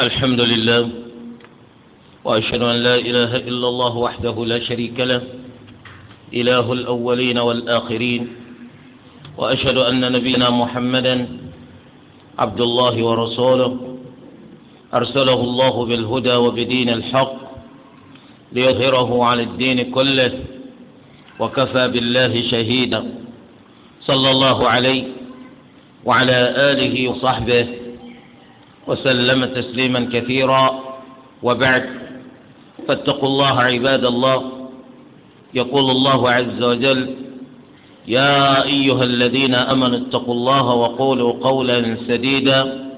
الحمد لله وأشهد أن لا إله إلا الله وحده لا شريك له إله الأولين والآخرين وأشهد أن نبينا محمدا عبد الله ورسوله أرسله الله بالهدى وبدين الحق ليظهره على الدين كله وكفى بالله شهيدا صلى الله عليه وعلى آله وصحبه وسلم تسليما كثيرا وبعد فاتقوا الله عباد الله يقول الله عز وجل يا ايها الذين امنوا اتقوا الله وقولوا قولا سديدا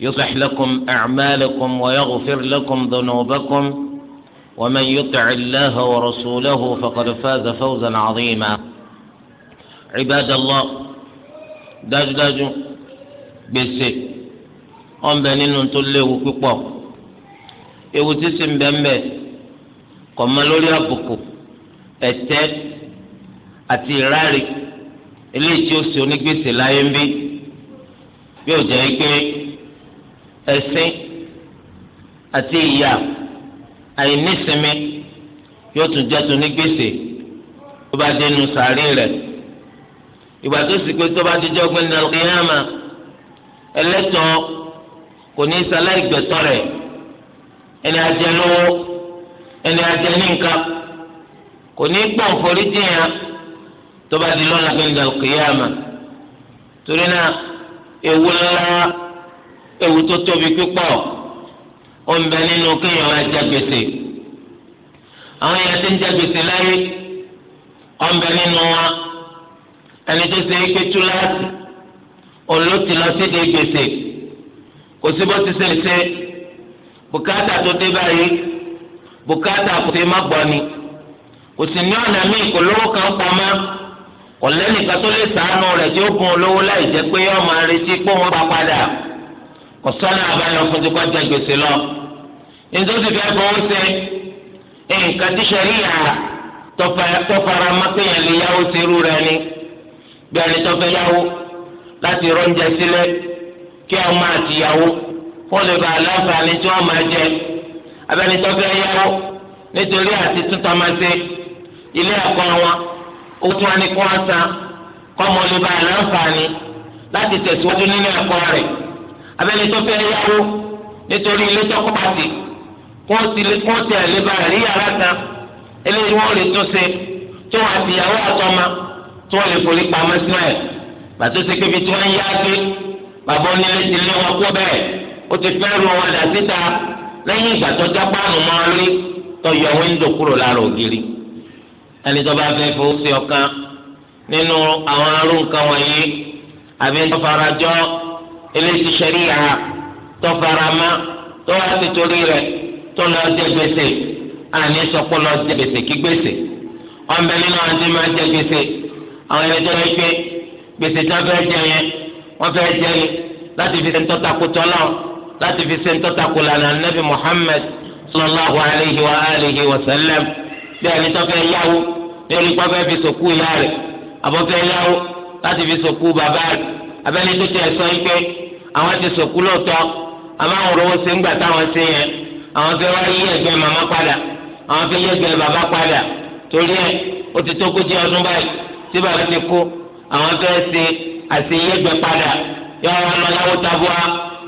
يصلح لكم اعمالكم ويغفر لكم ذنوبكم ومن يطع الله ورسوله فقد فاز فوزا عظيما عباد الله داج داج بسك ọ̀nbẹ nínú tó léwu púpọ̀ ewu tí sì ń bẹ ń bẹ kò mọ lórí àbùkù ẹ̀tẹ́ àti ìráre eléyìí tí ó ṣe onígbèsè láyé ń bí yóò jẹ́ pé ẹ̀sìn àti ìyà àìnísinmi yóò tún jẹ́ tó onígbèsè tó bá dénú sàárè rẹ̀ ìgbà tó sì pé tó bá dijọ́ gbẹ́ndàlùkìyàmà ẹlẹ́tọ̀ọ́ kò ní sálá ìgbẹ̀tọ́ rẹ̀ ẹni ajẹ́ lówó ẹni ajẹ́ ní nǹkan kò ní gbọ̀n forí jìyàn tó bá di lọ́nà gbẹ̀ngàn al-qiyama torí náà ewu ńlá ewu tó tóbi pípọ̀ ó ń nínú kéèyàn máa jẹ gbèsè àwọn èèyàn ti ń jẹ gbèsè láyé ó nínú wa ẹni tó ṣe é pé túláàsì òun ló ti lọ sí di gbèsè kò sí bó ti ṣe ṣe bùkátà tó dé báyìí bùkátà kò sí má gbọ́ ni kò sì ní ọ̀nà míì kò lówó kan pọ̀ mọ́ kò lẹ́nìkan tó lè sàánú rẹ̀ tí ó gun olówó láì jẹ́ pé yóò máa retí pé wọ́n bá padà kò sọ́nà àbáyọ fún ti kọ́ jẹ gbèsè lọ. nítorí fẹ́ fọwọ́ ṣe nǹkan tí sẹ́rí yàrá tọ́fara mákèyàn lè yáwó sí irú rẹ̀ ni bí ẹni tó fẹ́ yáwó láti rọ́ǹjẹ sílẹ̀ kí ọmọ àtìyàwó wọn lè bá aláǹfààní tí wọn máa jẹ abẹnitọ́fẹ́ yáwó nítorí àti tuntun máa ṣe ilé ẹ̀kọ́ wọn owó tí wọn ní kó wọn san kọ́ ọmọ lè bá aláǹfààní láti tẹ̀síwájú nínú ẹ̀kọ́ rẹ̀ abẹnitọ́fẹ́ yáwó nítorí ilé tọ́kọ́ pàtì kó wọn ti lè bá rí yàrá kan eléyìí wọn lè tún ṣe tí wọn àtìyàwó àtọmọ tí wọn lè forí pamọ́ sínú ẹ̀ bàtó ṣe kébi tí wọn yá gbé bàbá onílé ti lé wọn kó bẹ́ẹ̀ ó ti fẹ́ ru wọn dà síta lẹ́yìn ìgbà tó já páànù mọ́ rí tó yọ wíńdò kúrò lára ògiri ẹni tó bá fẹ́ fowó sí ọ̀kan nínú àwọn arú nǹkan wọ̀nyí àbí tó fara jọ ilé ti ṣẹ̀ríyà tó fara mọ́ tó wá sí torí rẹ̀ tó lọ jẹ gbèsè àní sọpọ lọ jẹ gbèsè kí gbèsè ọmọbìnrin náà ti máa jẹ gbèsè àwọn ẹni tó lọ gbé gbèsè tó fẹ́ jẹ yẹn wọ́n fẹ́ jẹ́ ni láti fi ṣe ń tọ́takò tọ́lọ́ láti fi ṣe ń tọ́takò lànà nabi Muhammad sallallahu alayhi wa alihi wa sallam bí ẹni tó fẹ́ yáwó lórí kó fẹ́ fi sòkú ìyá rẹ̀ àbọ̀ fẹ́ yáwó láti fi sòkú bàbá rẹ̀ abẹ́ni tó tẹ̀ sọ ike àwọn ti sòkú lóòótọ́ àmọ́ àwọn òróró ṣe ń gbà táwọn ṣe yẹn àwọn fẹ́ wá yí ẹ̀gbẹ́ màmá padà àwọn fẹ́ yí ẹ̀gbẹ́ bàbá padà torí ẹ̀ ó kó jẹ́ ọdún báyìí tí bàbá ti kú àwọn fẹ́ ṣe àti yẹgbẹ padà yọ wọn lọ láwọ tabua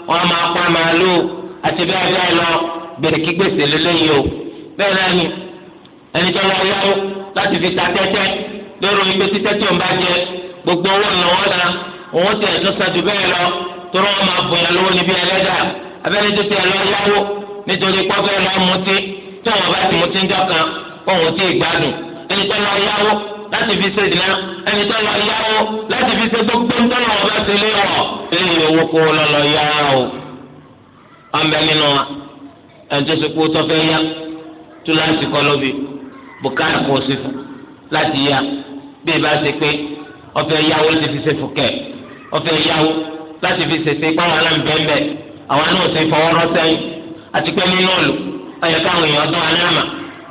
wọn máa pa màálù àti bẹ́ẹ̀ bẹ́ẹ̀ lọ bèrè kí gbèsè lélẹ́yìí o bẹ́ẹ̀ náà ni ẹni tó lọ yáwó láti fi ta tẹ́tẹ́ lórí ibi tí tẹ́tẹ́ òun bá jẹ gbogbo owó ìnáwó la òun tẹ̀ tó sàdù bẹ́ẹ̀ lọ tóró wọn máa bòyàn lówó níbi ẹlẹ́dà abẹ́ni tó tẹ̀ lọ yáwó nítorí pọ́fẹ́ lọ mutí tí wọn bá ti mutí ń jọ kan òun ti gbádùn ẹni tó lọ yáwó láti fi ṣe ìdìlá ẹni tó lọ yáwó láti fi ṣe gbogbo ń tọ́lọ̀ ọ̀gá sí ilé wọ̀ lẹ́yìn owó kó lọ lọ yá o. ọ̀nbẹ nínú wa ẹni tó ṣe kó tọ́fẹ́ yá tó láti kọ́ lóbi bùkárà kó o sì fún láti yá bí ìbá ṣe pé ọ̀fẹ́ yáwó láti fi ṣe fúkẹ́ ọ̀fẹ́ yáwó láti fi ṣe ṣe pàwọn aláǹbẹ̀ẹ́bẹ̀ àwọn náà ṣe fọwọ́ rọ́ sẹ́yìn àti pé nínú ọ̀lù ọ̀yẹ̀ká àwọn èèyàn tó wà ní àmà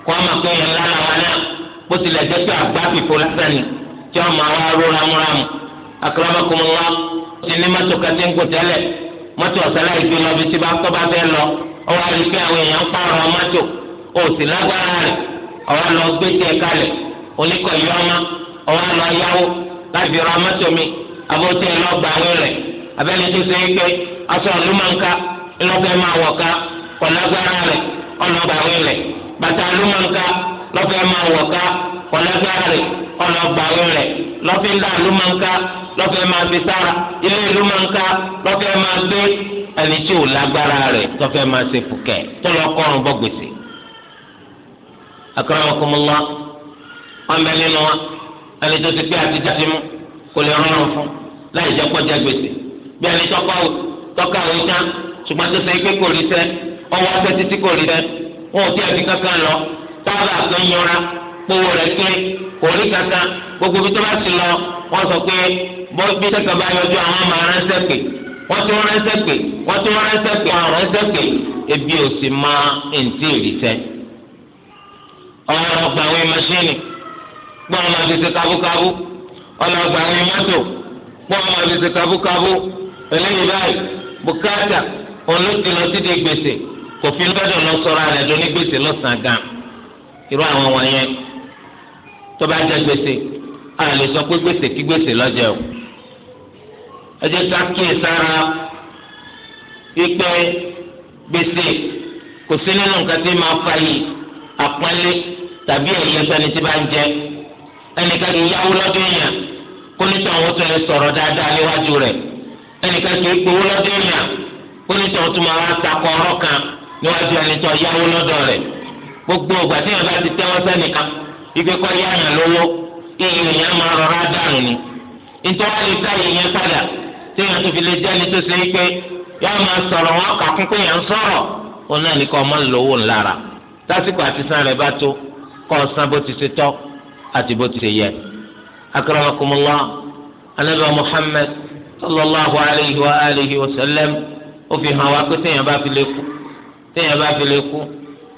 kó àmà pé èèyàn bó tilẹ̀ jẹ́ pé àgbá fìfo lásán ni tí wọ́n máa wá ró ramúramù akọ́lámọ́kùnmọ́wá ti ní mọ́tò kẹtí ń kó tẹ́lẹ̀ mọ́tò ọ̀sálà ìgbé lọ bí tí bá kọ́ bá fẹ́ lọ ọwọ́ àdìsí àwọn èèyàn ń pààrọ̀ mọ́tò òsì lágbára rẹ̀ ọwọ́ lọ gbé tiẹ̀ kalẹ̀ oníkọ̀ yọ ọmọ ọwọ́ lọ yáwó láti ra mọ́tò mi abótí ẹ̀ lọ gbà wí rẹ̀ abẹ́ni tó ṣe pé aṣọ àlùmọ̀ǹkà ńlọ́kẹ́ máa wọ̀ ká kọ̀ rẹ̀ ọ̀nà gbà rẹ̀ bàtà àlùmọ̀ǹkà lọ́fẹ́ máa wọ̀ ká kọ̀lẹ́gbẹ́rẹ́ ọlọ́gbàrún rẹ̀ lọ́fẹ́ ńlá ló máa ń ká lọ́fẹ́ máa fi sára ilé ló máa ń ká lọ́fẹ́ máa gbé ẹni tí ò lágbára rẹ̀ tọ́fẹ́ máa ṣe fùkẹ́ tọ́lọ́ kọ́run bọ́ gbèsè. akramakumullah wọn bẹ nínú wa ẹni tó ti pé àtijọ́ ti mú kò lè rọrùn fún láì jẹ́ kọjá gbèsè bí ẹni tọ́ka òun tán ṣùgbọ́n tó ṣe pé kò rí sẹ́ ọwọ́ ọ̀sẹ̀ títí kò rí sẹ́ wọn ò tí a fi kankan lọ tábà kan yọra kpowó rẹ̀ pé kò rí kankan gbogbo bí tó bá ti lọ wọ́n sọ pé bí sẹ́kẹ̀ bá yọjú àwọn máa ránṣẹ́ pè wọ́n tún ránṣẹ́ pè wọ́n tún ránṣẹ́ pè wọ́n ránṣẹ́ pè ebi ò sì máa ntí ìrìtẹ́. ọlọ́ọ̀gbà àwọn mẹ́ṣíìnì gbọ́n máa fi ṣe kábúkábú ọlọ́ọ̀gbà àwọn mọ́tò gbọ́n máa fi ṣe kábúkábú eléyìí báyìí bùkátà olóòtú lọ sí di gbèsè kò fi lọ́dọ̀ lọ sọ̀rọ̀ irú àwọn wọ̀nyẹn tó bá jẹ gbèsè a lè sọ pé gbèsè kí gbèsè lọ́jọ́ o ẹ ká kíyè sára ipe gbèsè kò sí nínú nǹkan tí máa fa yìí àpọ́nlé tàbí ẹ̀yẹ sẹ́ni tí bá ń jẹ ẹnìkan kì í yáwó lọ́dún yẹn kó nítorí àwọn tó lè sọ̀rọ̀ dáadáa níwájú rẹ̀ ẹnìkan kì í gbowó yẹn kó nítorí tó máa wá kan níwájú ẹni tó yáwó rẹ. gbogbo ìgbà tí yẹn bá ti tẹ́wọ́ sẹ́nìkan ibi kọ́ yá yàn lówó iye yẹn máa rọra dànù ni nítorí wọn lè ká iye padà tí yẹn tó fi lè jẹ́ ni tó ṣe é pé yá máa sọ̀rọ̀ wọn kà kún pé yẹn ń sọ̀rọ̀ òun náà ní kọ́ ọmọ lówó ńlára lásìkò àti san rẹ̀ bá tó kọ́ ọ bó ti ṣe tọ́ àti bó ti ṣe yẹ. akramakumullah anabi muhammad sallallahu alayhi wa alihi wa sallam ó fi hàn wá pé téèyàn bá fi lè kú téèyàn bá fi lè kú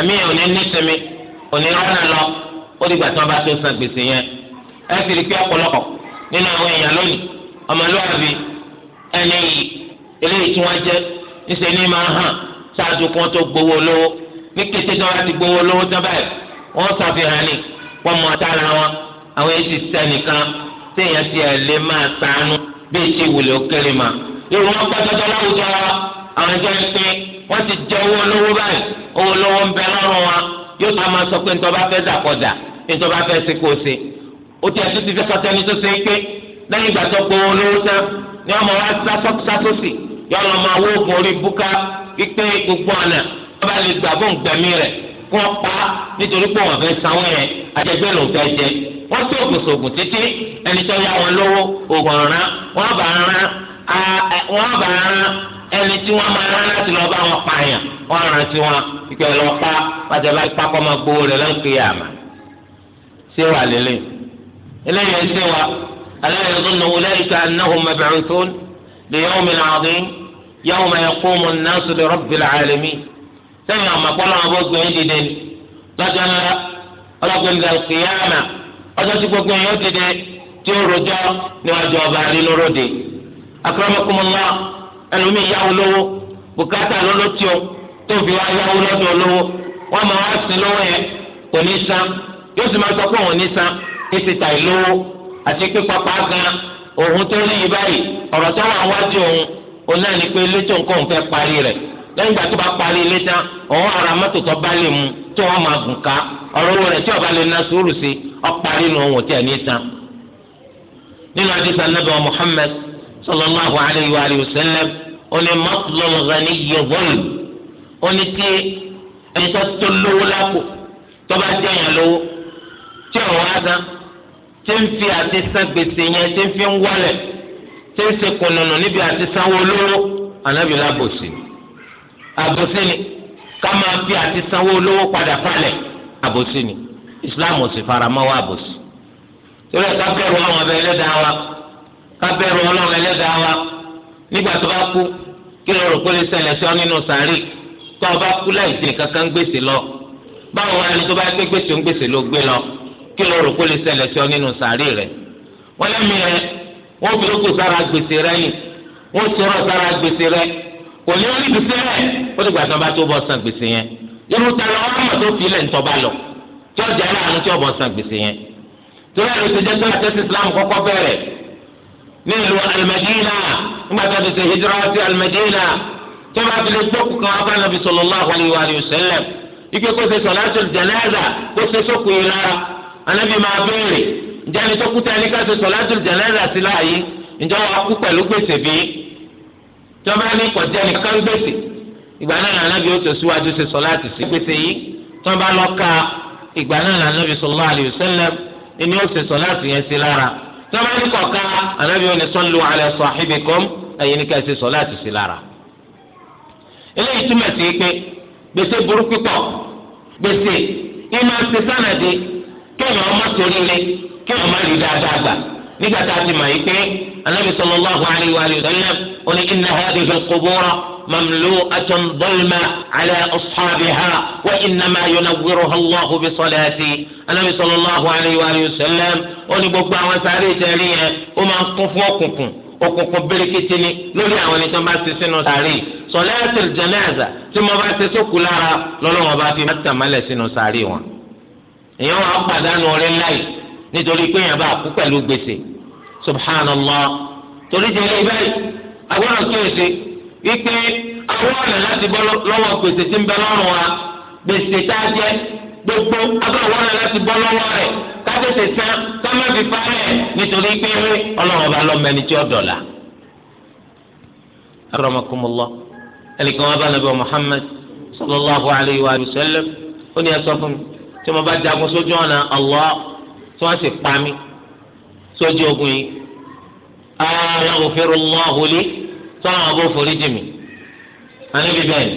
ẹ̀mí yẹn ò ní ní sinmi ò ní rọ́nà lọ ó dìgbà tí wọ́n bá tó san gbèsè yẹn ẹ sì rí pé ọ̀pọ̀lọpọ̀ nínú àwọn èèyàn lónìí ọmọlúwàbí ẹni yìí eléyìí tí wọ́n jẹ́ níṣẹ́ ní máa hàn ṣáájú kí wọ́n tó gbowó olówó ní kété tí wọ́n ti gbowó olówó tán báyìí wọ́n ṣàfihàn ní wọ́n mọ tára wọn àwọn èsì sẹ́nìkan téèyàn ti ẹ̀ lè máa sànú bí èsì ìwòlẹ̀ òkèlè mà. ìwọ̀n gbọ́dọ̀dọ̀ láwùjọ àwọn ẹgbẹ́ ń pín wọ́n ti jẹ owó olówó báyìí owó lọ́wọ́ ń bẹ lọ́rùn wa yóò tó a máa sọ pé ntọ́ bá fẹ́ dàkọ̀dà ntọ́ bá fẹ́ ṣe kó ṣe ó ti ẹtú ti fẹ́ sọtẹ́ni tó ṣe é pé lẹ́yìn ìgbà tó gbowó lówó tán ni ọmọ wa sátọ́sì yọ lọ máa wó oògùn orí búká wípé gbogbo ọ̀nà wọ́n bá lè gbà bó ń gbẹ̀mí rẹ̀ kí wọ́n pa nítorí pé wọ́n fẹ́ sanwó yẹn àjẹgbẹ́ ló fẹ́ jẹ wọ́n tó oògùn títí ẹni tó wọn lówó oògùn ọ̀ràn wọ́n bá rán ẹni tí wọn máa rán láti lọ bá wọn pààyàn wọn rán sí wọn ìpè lọ pa pàjẹ bá ipa kọ́ máa gbowó rẹ̀ lọ́nkè àmà ṣé wà lélẹ̀ eléyìí ṣé wà alẹ́ ìdúnnà wọlé ìka anáhùn mẹbẹ̀rún tó lè yẹ́wò mi náà dín yẹ́wò mẹ́yẹ kó mu náà sọ lè rọ́bì làálẹ́mí àmà pọ́lọ́ àwọn gbogbo yín dìde lọ́jọ́ ńlá ọlọ́gbìn lọ́nkè àmà ọjọ́ tí gbogbo yín ó dìde tí ó rojọ́ níwájú ọba nínú ròde náà. ẹlòmí yáwó lówó bùkátà ló ló tiọ́ tó wá yáwó lọ́dọ̀ lówó wọ́n máa wá sí lówó yẹn kò ní san yóò sì máa sọ pé òun ní san kí ti tà àti pé pápá gan òun tó báyìí ọ̀rọ̀ tó wà wájú òun òun náà ni pé létò nǹkan òun fẹ́ parí rẹ̀ lẹ́yìn tí ọba lè na sùúrù sí ọ̀parí nu òun tí ẹ̀ ní Muhammad sallallahu alayhi wa sallam ó ní matlul ghaniyyi zulm ó ní tí ẹni tó tó lówó lápò tó bá jẹ́ yẹn lówó tí ò wá gan tí ń fi àti san gbèsè yẹn tí ń fi ń wálẹ̀ tí ń ṣe kùnùnù níbi àti sanwó lówó ànábìlá bòsì àbòsí ni ká máa fi àti sanwó lówó padà falẹ̀ àbòsí ni Islam ò sì faramọ́ wa àbòsí torí ẹ̀ka bẹ̀rù àwọn ọbẹ̀ ẹlẹ́dàá wa kábẹ́rù ọlọ́run ẹlẹ́dàá wa nígbà tó bá kú kí ló rò pé lè ṣẹlẹ̀ sí ọ nínú sàárì tó o bá kú láì sí kankan ń gbèsè lọ báwo wá ní tó bá gbé gbèsè ń gbèsè ló gbé lọ kí ló rò pé lè ṣẹlẹ̀ sí ọ nínú sàárì rẹ wọn lẹ́mìí rẹ wọn fi lóko sára gbèsè rẹ yìí wọn sọ̀rọ̀ sára gbèsè rẹ kò ní orí gbèsè rẹ ó dìgbà tó bá tó bọ́ san gbèsè yẹn irú ta lọ ọmọ tó fi lẹ̀ ń lọ tí ọjà láàánú tí ọ nílùú alimadina nígbà tó ti ṣe hijira sí alimadina tó bá ti lè gbókù kan wá bá nàbí sallallahu alayhi wa sallam ike kó ṣe sọláṣọ jẹnẹza kó ṣe sókù yìí lára anabi máa béèrè ǹjẹ́ ni tó kúta ẹni ká ṣe sọláṣọ jẹnẹza sí láàyè ǹjẹ́ wàá kú pẹ̀lú gbèsè bí tó bá ní kọjá ní kankan gbèsè ìgbà náà anabi ó tẹ̀síwájú ṣe sọláṣọ sí gbèsè yìí tó bá lọ ka ìgbà náà anabi sallallahu alayhi wa tọ́ba ní kọ̀ọ̀kan anábìyẹ ni sallu ala sahibikum ẹ̀yin ní ká ṣe sọ láti sí lára. eléyìí túmọ̀ sí pé gbèsè burúkú pọ̀ gbèsè ìmọ̀ ṣe sànàdì kéèyàn ọmọ torí lé kéèyàn má rí dáadáa gbà nígbà tá a ti mọ̀ yìí pé anábì sallallahu alaihi wa sallam قل إن هذه القبور مملوءة ظلمة على أصحابها وإنما ينورها الله بصلاتي النبي صلى الله عليه وآله وسلم قل بقى وسعري تاريه وما قفوكم òkùnkùn birikiti ni lórí àwọn ẹni tó bá ti sínú sàárè sọláàtì jẹnáàzà tí mo bá ti sókù lára lọ́lọ́wọ́ bá fi mẹ́ta mẹ́lẹ̀ sínú sàárè wọn. èèyàn wà pàdánù orí láì nítorí pé èèyàn bá kú pẹ̀lú gbèsè subhanallah torí jẹ́ ilé báyìí àgbọ̀dọ̀ kíyèsí wípé àwọn ọ̀nà láti bọ́ lọ́wọ́ gbèsè tí ń bẹ lọ́rùn wa gbèsè tá a jẹ gbogbo agbọ̀dọ̀ ọ̀nà láti bọ́ lọ́wọ́ rẹ̀ kájọsẹ sàn sọmọbi parẹ nítorí pé Ọlọ́run bá lọmọ ẹni tí ó dọla. aramakumullah ẹnìkan wọn bá nàbẹ Muhammad sallallahu alayhi wa sallam ó ní ẹsọ fún mi tí mo bá jagun sójú ọ̀nà Allah tí wọ́n sì pa mí sójú ogun yìí. aghfiru Allahu li sọ́wọ́n àbò foríjì mi ànábì bẹ́ẹ̀ ni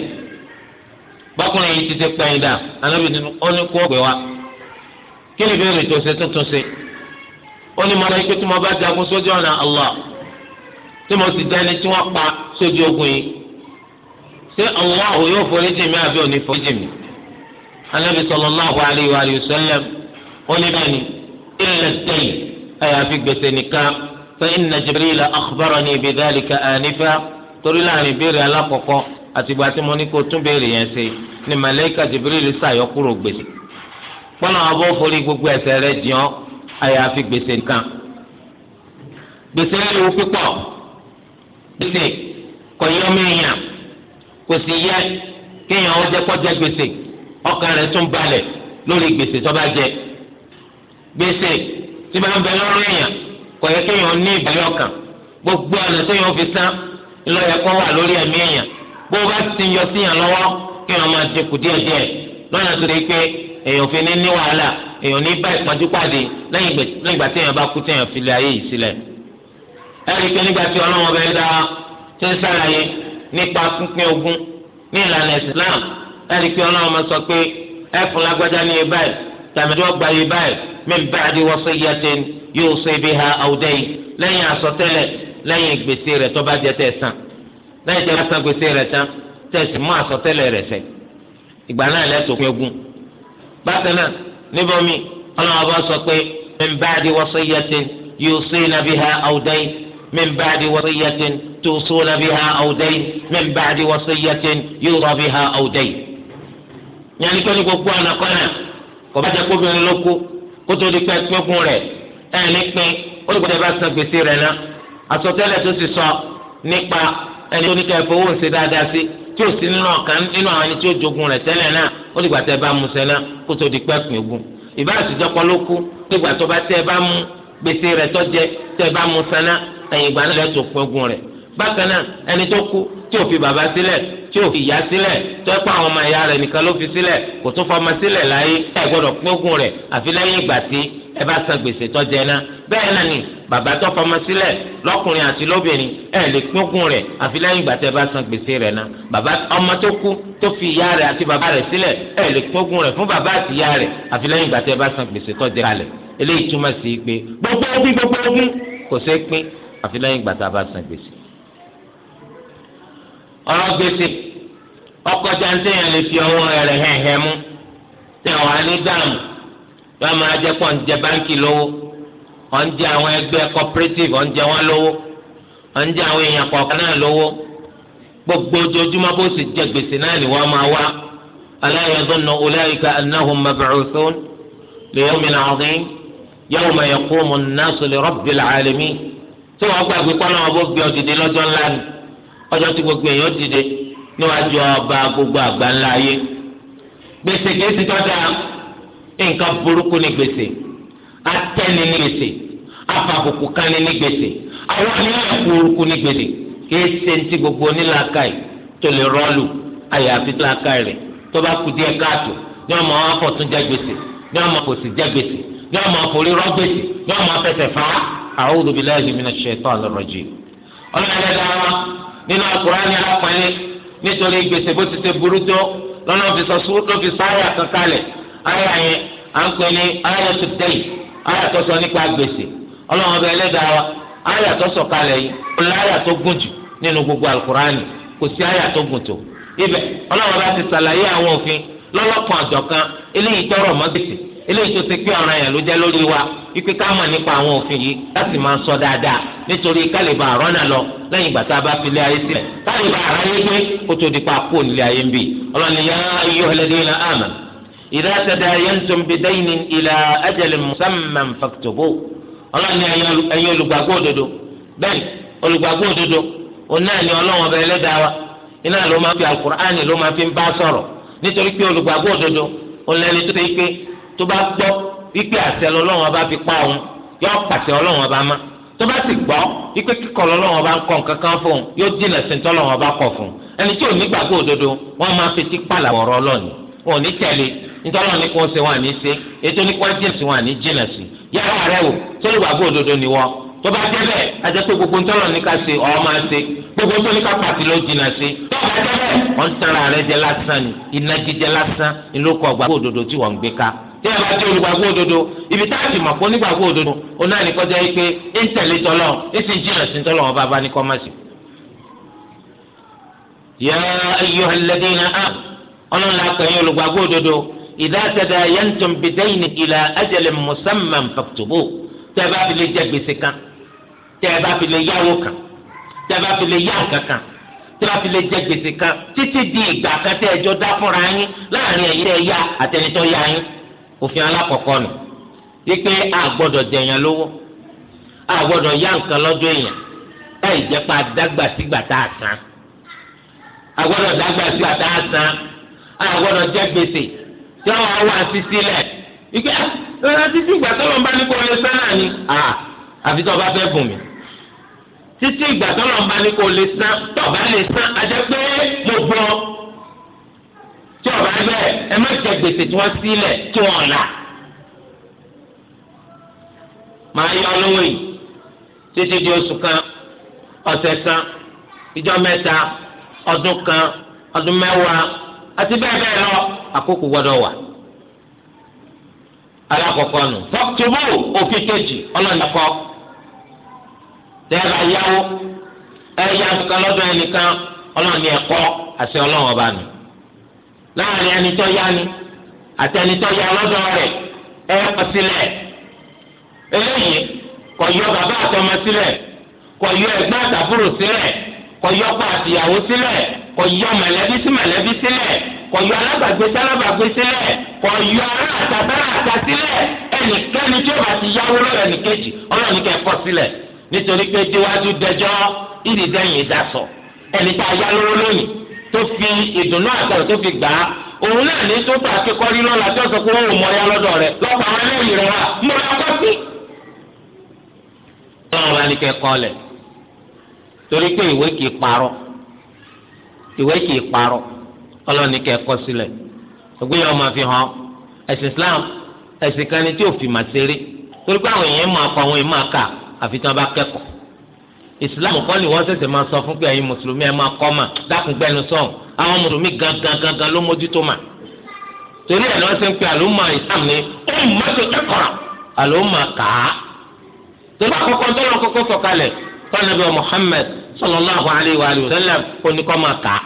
bákùnrin yìí ti ti pẹ́yìn dà ànábì kó ọ̀gbẹ́ wa kí ni ìbéèrè tose tuntun ṣe jagun sójú ọ̀nà Allah tí mo tí wọ́n Allah yóò foríjì mi àbí òní foríjì mi ànábì sallallahu alayhi wa sallam ó ní ni ilẹ̀ sẹ́yìn àyàfi gbèsè nìkan. فإن جبريل أخبرني بذلك آنفا torí láàrin ìbéèrè alákọ̀ọ́kọ́ àtìgbà tí mo ní kó tún béèrè yẹn ṣe ni màlẹ́kà jibril ṣàyọkúrò gbèsè pọ́nà abọ́ forí gbogbo ẹ̀ṣẹ̀ rẹ̀ jìán àyàfi gbèsè nǹkan gbèsè léwu pípọ̀ gbèsè kò yẹ ọmọ èèyàn kò sì yẹ kéèyàn ó jẹ́ kọ́jẹ́ gbèsè ọkàn rẹ̀ tún balẹ̀ lórí gbèsè tó bá jẹ gbèsè tí bá ń bẹ lọ́rùn èèyàn kò yẹ kéèyàn ní ìbáyọ̀ kan gbogbo ọ̀nà téèyàn fi sán ńlọyẹ kọ́ wà lórí ẹ̀mí èèyàn bó o bá ti yọ síyàn lọ́wọ́ kéèyàn máa dínkù díẹ̀díẹ̀ lọ́nà tó lè pé èèyàn fi ní ní wàhálà èèyàn ní bá ìpọ́njú pàdé lẹ́yìn ìgbà téèyàn bá kú téèyàn fi lé ayé yìí sílẹ̀. ẹ̀rí pé nígbà tí ọlọ́wọ́n bẹ́ẹ̀ dá ṣe ń sàlàyé nípa pínpín ogún ní ìlànà Islam ẹ̀rí pé ọlọ́wọ́n máa sọ pé ẹ̀fún lágbájá ní ibà tàbí ọgbà ibà min ba'di wasiyatin yóò sọ ibi ha àwùjọ yìí lẹ́yìn àsọtẹ́lẹ̀ lẹ́yìn gbèsè rẹ̀ tó bá jẹ tẹ̀ san lẹ́yìn tẹ́ bá san gbèsè rẹ̀ tán tẹ̀ sì mú àsọtẹ́lẹ̀ rẹ̀ sẹ́ ìgbà náà lẹ́tọ̀ pé ogun. bákan náà níbo mi ọlọ́run bá sọ pé min ba'di wasiyyatin yusina biha aw dayn min ba'di wasiyyatin tusuna biha aw dayn min ba'di wasiyyatin yura biha aw dayn. yẹn ní kí wọ́n ní gbogbo àná kọ́nà kò bá jẹ́ kóbìnrin ló ẹ̀ ní pín ó ní gbọ́dọ̀ bá san gbèsè rẹ̀ náà àsọtẹ́lẹ̀ tó sì sọ nípa ẹni tó ní ká ẹ̀fọ́ owó ń ṣe dáadáa sí tí ò sí nínú ọ̀kan nínú àwọn ẹni tí ó jogun rẹ̀ tẹ́lẹ̀ náà ó dìgbà tẹ́ mu sẹ́ náà kó tó di pẹ́ẹ́pìn ogun ìbá àtijọ́pọ̀ ló kú dìgbà tó bá tẹ́ bá mu gbèsè rẹ̀ tó jẹ tẹ́ bá mu sẹ́ náà ẹ̀yìn ìgbà náà lẹ́tọ̀ pin ogun rẹ̀ bákan náà tí ò fi bàbá sílẹ̀ tí ò fi ìyá sílẹ̀ tó pa àwọn ọmọ ìyá rẹ̀ nìkan ló fi sílẹ̀ kò tó fọmọ sílẹ̀ láyé ẹ̀ gbọ́dọ̀ pin àfi lẹ́yìn ìgbà tí ẹ bá san gbèsè tó jẹ náà bẹ́ẹ̀ náà ni bàbá tó fọmọ sílẹ̀ lọ́kùnrin àti lóbìnrin ẹ lè pín ogún rẹ̀ àfi lẹ́yìn ìgbà tẹ́ bá san gbèsè rẹ̀ náà bàbá ọmọ tó kú tó fi ìyá rẹ̀ àti bàbá rẹ̀ sílẹ̀ ẹ lè pín ogún rẹ̀ fún bàbá àti ìyá rẹ̀ àfi lẹ́yìn ìgbà tẹ́ bá san gbèsè tó jẹ kalẹ̀ eléyìí túmọ̀ sí pé gbogbo ogún gbogbo ogún kò ṣeé pín àfi lẹ́yìn ìgbà tá a bá san gbèsè ọ̀rọ̀ gbèsè ọkọ̀ jantẹ́yìn lè fi ọwọ́ rẹ̀ hẹ̀hẹ̀ mú tẹ̀wọ̀n yóò máa jẹ́ pọ̀ ń jẹ báńkì lówó ọ̀ ń jẹ àwọn ẹgbẹ́ cooperative ọ̀ ń jẹ wọn lówó ọ̀ ń jẹ àwọn èèyàn kọ̀ọ̀kan náà lówó gbogbo ojoojúmọ́ bó sì jẹ gbèsè náà ni wọ́n máa wá ala yazunnu ulaika annahum mab'uthun li yawmin 'azim yawma yaqumu an-nasu li rabbil 'alamin tí wọ́n gbàgbé pọ́n náà bó gbé ọ̀dìdè lọ́jọ́ ńlá ni ọjọ́ tí gbogbo èèyàn dìde níwájú ọba gbogbo àgbáńlá ayé gbèsè kìí ti tọ́jà nǹkan burúkú ní gbèsè atẹ́ni ní gbèsè afakùkù kání ní gbèsè àwọn onílẹ̀ burúkú ní gbèsè kìí ṣe ti gbogbo onílàákàyè tó lè rọ́ọ̀lù àyàfi làákàyè rẹ̀ tó bá kú díẹ̀ káàtó ní ọmọ wọn kò tún jẹ gbèsè ní ọmọ kò sì jẹ gbèsè ní ọmọ àforí rọ gbèsè ní ọmọ afẹsẹ̀ fà á. a'udhu billahi minash shaitanir rajim. ọlọ́run ẹ̀dá wa nínú al àyà yẹn à ń pè ní àyà tó dẹ́yì àyà tó sọ nípa gbèsè ọlọ́run ọba ẹlẹ́dàá wa àyà tó sọ kalẹ̀ yìí gùn jù nínú gbogbo alukurani kò sí àyà tó gùn tó ibẹ̀ ọlọ́run ọba ti sàlàyé àwọn òfin lọ́lọ́kan eléyìí tọrọ gbèsè eléyìí tó ti pé ọ̀ràn yẹn ló jẹ́ lórí wa sọ dáadáa nítorí kálíbà àrọ́nà lọ lẹ́yìn ìgbà tá a bá fi ayé idha tadayantum bidaynin ila ajalin musamman faktubu ọlọ́ni ẹ̀yin olùgbàgbọ́ òdodo bẹ́ẹ̀ olùgbàgbọ́ òdodo òun náà ni ọlọ́wọ́n ọba ẹlẹ́dàá wa iná ló máa fi alukur'ani ló máa fi bá sọ̀rọ̀ nítorí pé olùgbàgbọ́ òdodo òun lẹ́ni tó ṣe pé tó bá gbọ́ wípé àṣẹ lọ́wọ́n ọba fi pa òun yóò pàṣẹ ọlọ́wọ́n ọba má tó bá sì gbọ́ wípé kíkọ́ lọ́wọ́n ọba ń kọ́ nǹkan kan fún un yóò dínà sí ní tọ́lọ́wọ́n ọba kọ̀ fún un ẹni tí ò ní gbàgbọ́ òdodo wọ́n máa fi tí pàlà ọ̀rọ̀ ọlọ́ni tẹ̀lé nítorí ní kò ṣe wọn àní ṣe ètò ní kwájìn wọn àní jìnà sí yàrá rẹ wò sórí ìgbàgbọ́ òdodo ni wọ́n tó bá jẹ́ bẹ́ẹ̀ ajẹ́ pé gbogbo ntọ́lọ̀ ní ká ṣe ọ̀ máa ṣe gbogbo tó ní ká pàtì ló jìnà sí tó bá jẹ́ bẹ́ẹ̀ wọ́n ń tara rẹ jẹ lásán ni iná jíjẹ lásán ni ló kọ ìgbàgbọ́ òdodo tí wọ́n ń gbé ká tí a bá jẹ́ olùgbàgbọ́ òdodo ibi tá a ti mọ̀ fún onígbàgbọ́ òdodo oná ní kọjá yìí pé ń tẹ̀lé tọ́lọ̀ ń sì jìnà sí tọ́lọ̀ wọn bá bá ní kọ́ máa ṣe. yà á ayọ̀ ẹlẹ́dínlá ọlọ́run la pẹ̀yìn olùgbàgbọ́ òdodo idha tadayantum bidayni ila ajalin musamman faktubu tẹ́ bá fi lè jẹ gbèsè kan tẹ́ bá fi lè yáwó kan tẹ́ bá fi lè yá nǹkan kan tẹ́ bá fi lè jẹ gbèsè kan títí di ìgbà kan tẹ́ ẹjọ́ dá fúnra yín láàrin ẹ̀yin tẹ́ yá àtẹnitọ́ yá yín òfin alákọ̀ọ́kọ́ nù wípé a gbọ́dọ̀ jẹyàn lówó a gbọ́dọ̀ yá nǹkan lọ́dọ̀ èèyàn láì jẹ́ tí àwọn àwọn àfisí lẹ̀ ìgbẹ́ ẹ̀rọ ah, títí ìgbà tó lọ́n bá ní kó lè sánà ni àfi tó o bá fẹ́ bùn mí títí ìgbà tó lọ́n bá ní kó lè sán tó o bá lè sán ajẹ́ pé mo gbọ́ tí o bá bẹ́ẹ̀ ẹ má jẹ gbèsè tí wọ́n sílẹ̀ tí wọ́n là máa yọ lówó yìí títí di oṣù kan ọ̀sẹ̀ kan ìjọ mẹ́ta ọdún kan ọdún mẹ́wàá. àti bẹ́ẹ̀ bẹ́ẹ̀ lọ àkókò gbọ́dọ̀ wà. alákọ̀ọ́kọ́ nù kejì tẹ́lá yáwó ẹ̀yà nǹkan lọ́dọ̀ ẹnìkan àti nù. láàrin tó yá ni àti ẹni yá lọ́dọ̀ rẹ̀ ẹ̀ ọ́ eléyìí kò yọ bàbá àtọmọ sílẹ̀ kò yọ ẹ̀gbọ́n àtàbúrò yọ kò yọ mọ̀lẹ́bí sí mọ̀lẹ́bí sílẹ̀ kò yọ alábàgbé sí alábàgbé sílẹ̀ kò yọ ará àtàbárà àtà sílẹ̀ ẹnìkẹ́ni tí ó bá ti yáwó lọ́rọ̀ ẹnìkejì ọlọ́run kẹ́ kọ́ sílẹ̀ nítorí pé déwájú dẹjọ́ ìdìdẹ́yìn dasọ ẹni tá a yá lọ́wọ́ lónìí tó fi ìdùnnú àtàwọn tó fi gbà á òun náà ní tó bá akẹ́kọ̀ọ́ rí lọ́la tó sọ pé òun mọ̀ ya lọ́dọ̀ rẹ̀ àwọn ẹlẹ́yìn rẹ̀ wá mọ̀ ya sí. ọlọ́run bá ní kẹ́ kọ́ torí pé ìwé kì í parọ́ ìwé kì í parọ́ ọlọ́ni kẹ́ ẹ kọ́ sílẹ̀ ògbéyàwó máa fi hàn ẹ̀sìn Islam ẹ̀sìn kan ni tí ò fi mà ṣeré torí pé àwọn èèyàn máa kọ àwọn èèyàn máa kà àfi tí wọ́n bá kẹ́kọ̀ọ́ Islam kọ́ ni wọ́n ṣẹ̀ṣẹ̀ máa sọ fún pé ẹ̀yin mùsùlùmí ẹ̀ máa kọ́ mà dákun gbẹnu sọ̀n àwọn mùsùlùmí gangan gangan ló mójútó mà torí ẹ̀ lọ́sẹ̀ ń pe àlùmọ̀ Islam ni ó má tó kẹ́kọ̀ọ́ àlùmọ̀ kàá torí àkọ́kọ́ tó lọ kọ́kọ́ sọ̀kalẹ̀ tọ́lẹ́bẹ̀ Muhammad sallallahu alayhi wa sallam oníkọ́ máa kàá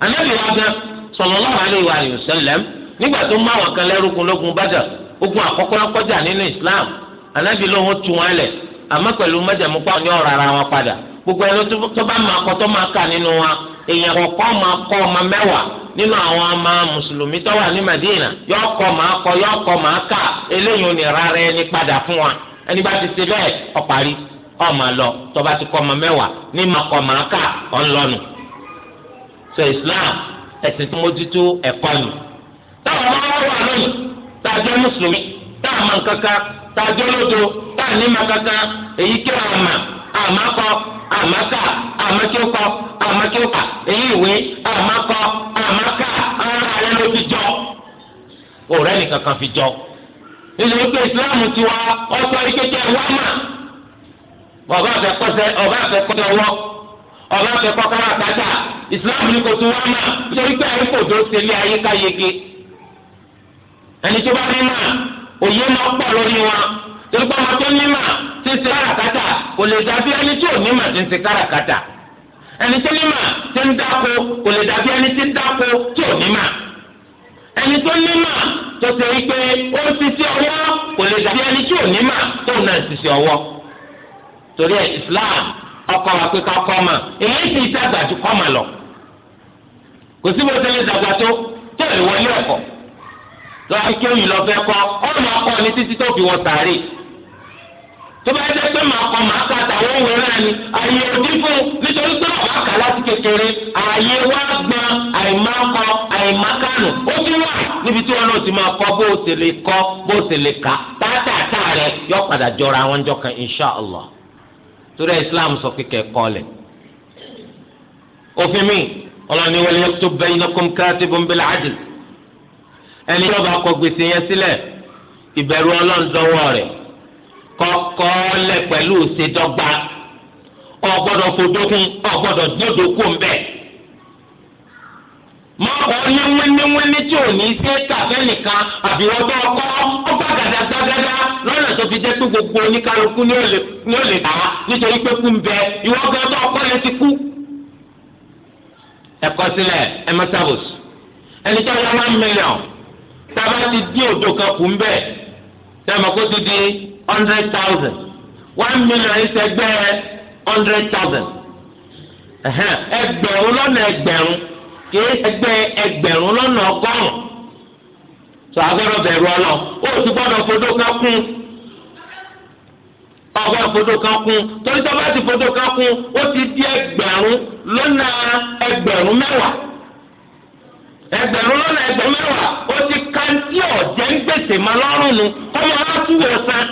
anabi wa gan sallallahu alaihi wa sallam nígbà tó mú àwọn kan lẹ́rú kun lógun bàjá ogun kọjá nínú islam anabi lóhun tún wọn lẹ̀ àmọ́ pẹ̀lú mẹ́jẹ̀mú pa ọ̀yọ́ rárá wọn padà gbogbo ẹni tó bá máa kọ́ tó máa kà nínú wa èèyàn kọ̀ọ̀kọ́ máa kọ́ ọmọ madina yọ máa yọ máa kà eléyìí ò ní rárá lọ ti ọmọ sọ islam ẹ̀sìn tó mójútó ẹ̀kọ́ ni. táwọn ọmọ wa wà lónìí tá a jẹ́ mùsùlùmí tá a mọ kankan tá a jẹ́ olódo tá a ní ma kankan èyí kí a mà àmà kọ àmà kà àmà kí ó kọ àmà kí ó kà èyí ìwé àmà kọ àmà kà ara rẹ ló fi jọ òrẹ́ nìkan kan fi jọ nítorí pé islam ti wá ọ̀sọ̀ ìkéjẹ wá mà ọba àfẹ́kọ́sẹ́ ọba àfẹ́kọ́sẹ́ wọ́ ọba àfẹ́kọ́kọ́ àtàtà islam ni kò tún wá mà nítorí pé àyè kò tó ṣe lé ayé ká yege ẹni tó bá ní mà òye máa pọ̀ lórí wọn torí pé ọmọ tó ní mà ti ṣe káràkátà kò lè dàbí ẹni tí ò ní mà ti ṣe káràkátà ẹni tó ní mà ti ń dáko kò lè dàbí ẹni tí ń dáko tí ò ní mà ẹni tó ní mà tó ṣe wípé ó ń ṣiṣẹ́ ọwọ́ kò lè dàbí ẹni tí ò ní mà tó náà ṣiṣẹ́ ọwọ́ torí ẹ islam ọkọ wa pé ká kọ́ mà èyí sì ṣàgbà ju kọ́ mà lọ kò síbi ó tẹ́lẹ̀ dàgbà tó tó lè wọlé ẹ̀kọ́ lọ́wọ́ kéwì lọ fẹ́ kọ́ ọ̀nà ọkọ ní títí tó fi wọ sàárè tó bá jẹ́ pé màá kọ́ màá kàtà wọ́n wọ náà ni ààyè òbí fún nítorí pé àwọn àkàlà ti kékeré ààyè wá gbọ́n àìmákọ àìmákànù ó ti wà níbi tí wọn náà ti máa kọ́ bó o sì lè kọ́ bó o sì lè kà tátàtà rẹ yọ padà jọra àwọn jọ kan inshàlá torí Islam sọ pé kẹ́kọ́ lẹ̀ òfin mi. ọlọ́run ni wal yaktub bainakum katibun bil adl ẹni yóò bá kọ gbèsè yẹn sílẹ̀ ìbẹ̀rù ọlọ́run rẹ̀ kọ́kọ́ lẹ̀ pẹ̀lú òṣèdọ́gba ò gbọ́dọ̀ fòdókun tí ò ní sí nìkan àbí ọgbẹ́ ọkọ́ lọ́nà tó gbogbo ni ó lè nítorí pé kú ń bẹ ìwọ́gbẹ́ ẹ̀kọ́ sílẹ̀ ẹ má sábòsì ẹni tó yá one million tábà ti dín òjò kan kù ń bẹ̀ sẹ́mi kó ti di hundred thousand one million ìṣẹ́gbẹ́ hundred thousand ẹgbẹ̀rún lọ́nà ẹgbẹ̀rún kì í ẹgbẹ́ ẹgbẹ̀rún lọ́nà ọgọ́rùn-ún tó agbọ́dọ̀ bẹ̀rù ọ lọ ó ti gbọ́dọ̀ fọdọ́ kan kún ọgbọ́n foto kan kún torí tó bá ti foto kan kún ó ti di ẹgbẹ̀rún lọ́nà ẹgbẹ̀rún mẹ́wàá ẹgbẹ̀rún lọ́nà ẹgbẹ̀rún mẹ́wàá ó ti ka tí ọ̀jẹ̀ ń gbèsè máa lọ́rùn nu ọmọ aláṣùwọ̀ san.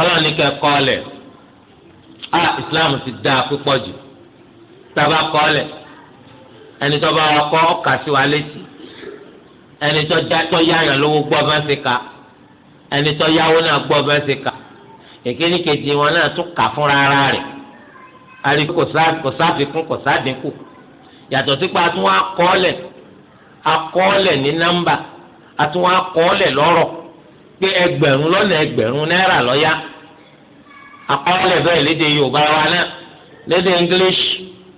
ọlọ́run ní kẹ́ kọ́ ọ lẹ̀ a Islam ti da púpọ̀ jù tàbá kọ́ ọ lẹ̀ ẹni tó bá wà kọ́ ọkà sí wa létí ẹni tó yáyàn lówó gbọ́ bá ń ṣe ka ẹni tó yáwó náà gbọ́ bá ń ṣe ka èkéde kejì wọn náà tún kà fún rárá rẹ̀ àríkú kò sáfikún kò sádínkù yàtọ̀ sípa tí wọ́n akọ́ọ̀lẹ̀ akọ́ọ̀lẹ̀ ní nọ́mbà àti wọ́n akọ́ọ̀lẹ̀ lọ́rọ̀ pé ẹgbẹ̀rún lọ́nà ẹgbẹ̀rún náírà lọ́yà akọ́ọ̀lẹ̀ bẹ́ẹ̀ léde Yorùbá wa náà léde English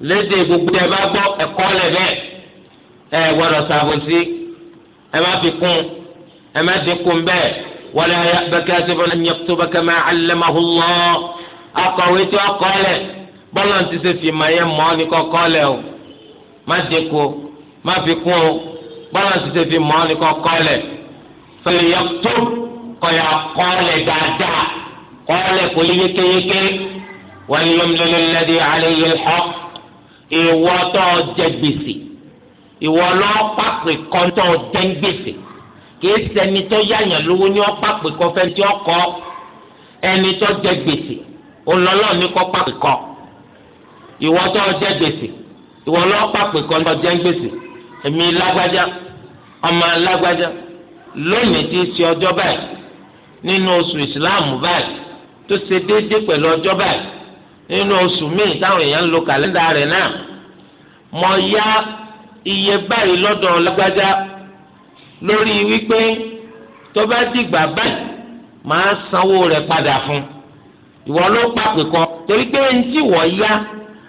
léde gbogbo ẹ bá gbọ́ ẹkọ́ọ̀lẹ̀ bẹ́ẹ̀ ẹ gbọ́dọ̀ ṣàbòsí ẹ má fi kún ẹ má dínkù bẹ́ẹ̀. ولا يأبى كاتب أن يكتب كما علمه الله akọ̀wé tí wọ́n kọ́ lẹ̀ bọ́lá ti ṣe fi màá yẹ mọ́ ni kọ́ kọ́ lẹ̀ o má dínkù má fi kún o bọ́lá ti ṣe fi mọ́ ni kọ́ kọ́ lẹ̀ fẹ̀lẹ̀ yẹ tó kọ̀yà kọ́ lẹ̀ dáadáa kọ́ lẹ̀ kó yékéyéké wọ́n yọ mílíọ̀nù alẹ́ yẹ họ́ ìwọ́ tó jẹ gbèsè ìwọ́ lọ́ọ́ pàpè kọ́ńtò jẹ gbèsè kìí ṣẹni tó yáyàn lówó ní ọ̀pá pẹ̀kọ́ fẹ́ni tí ó kọ́ ẹni tó jẹ gbèsè ọlọ́lọ́ ní kọ́ pàpẹ́ kọ́ ìwọ tó jẹ gbèsè ìwọ lọ́ pàpẹ́ kọ́ tó jẹ gbèsè èmi lágbájá ọmọ lágbájá lónìí ti ṣe ọjọ́ báyìí nínú oṣù ìsìláàmù báyìí tó ṣe déédéé pẹ̀lú ọjọ́ báyìí nínú oṣù míì táwọn èèyàn ń lo kàlẹ́ndà rẹ̀ náà mo yá iye báyìí lọ́dọ̀ lágbájá lórí wípé tó bá dìgbà báyìí máa sanwó rẹ̀ padà fún ìwọ ló pàpè kọ torí pé ń tí wọ́ yá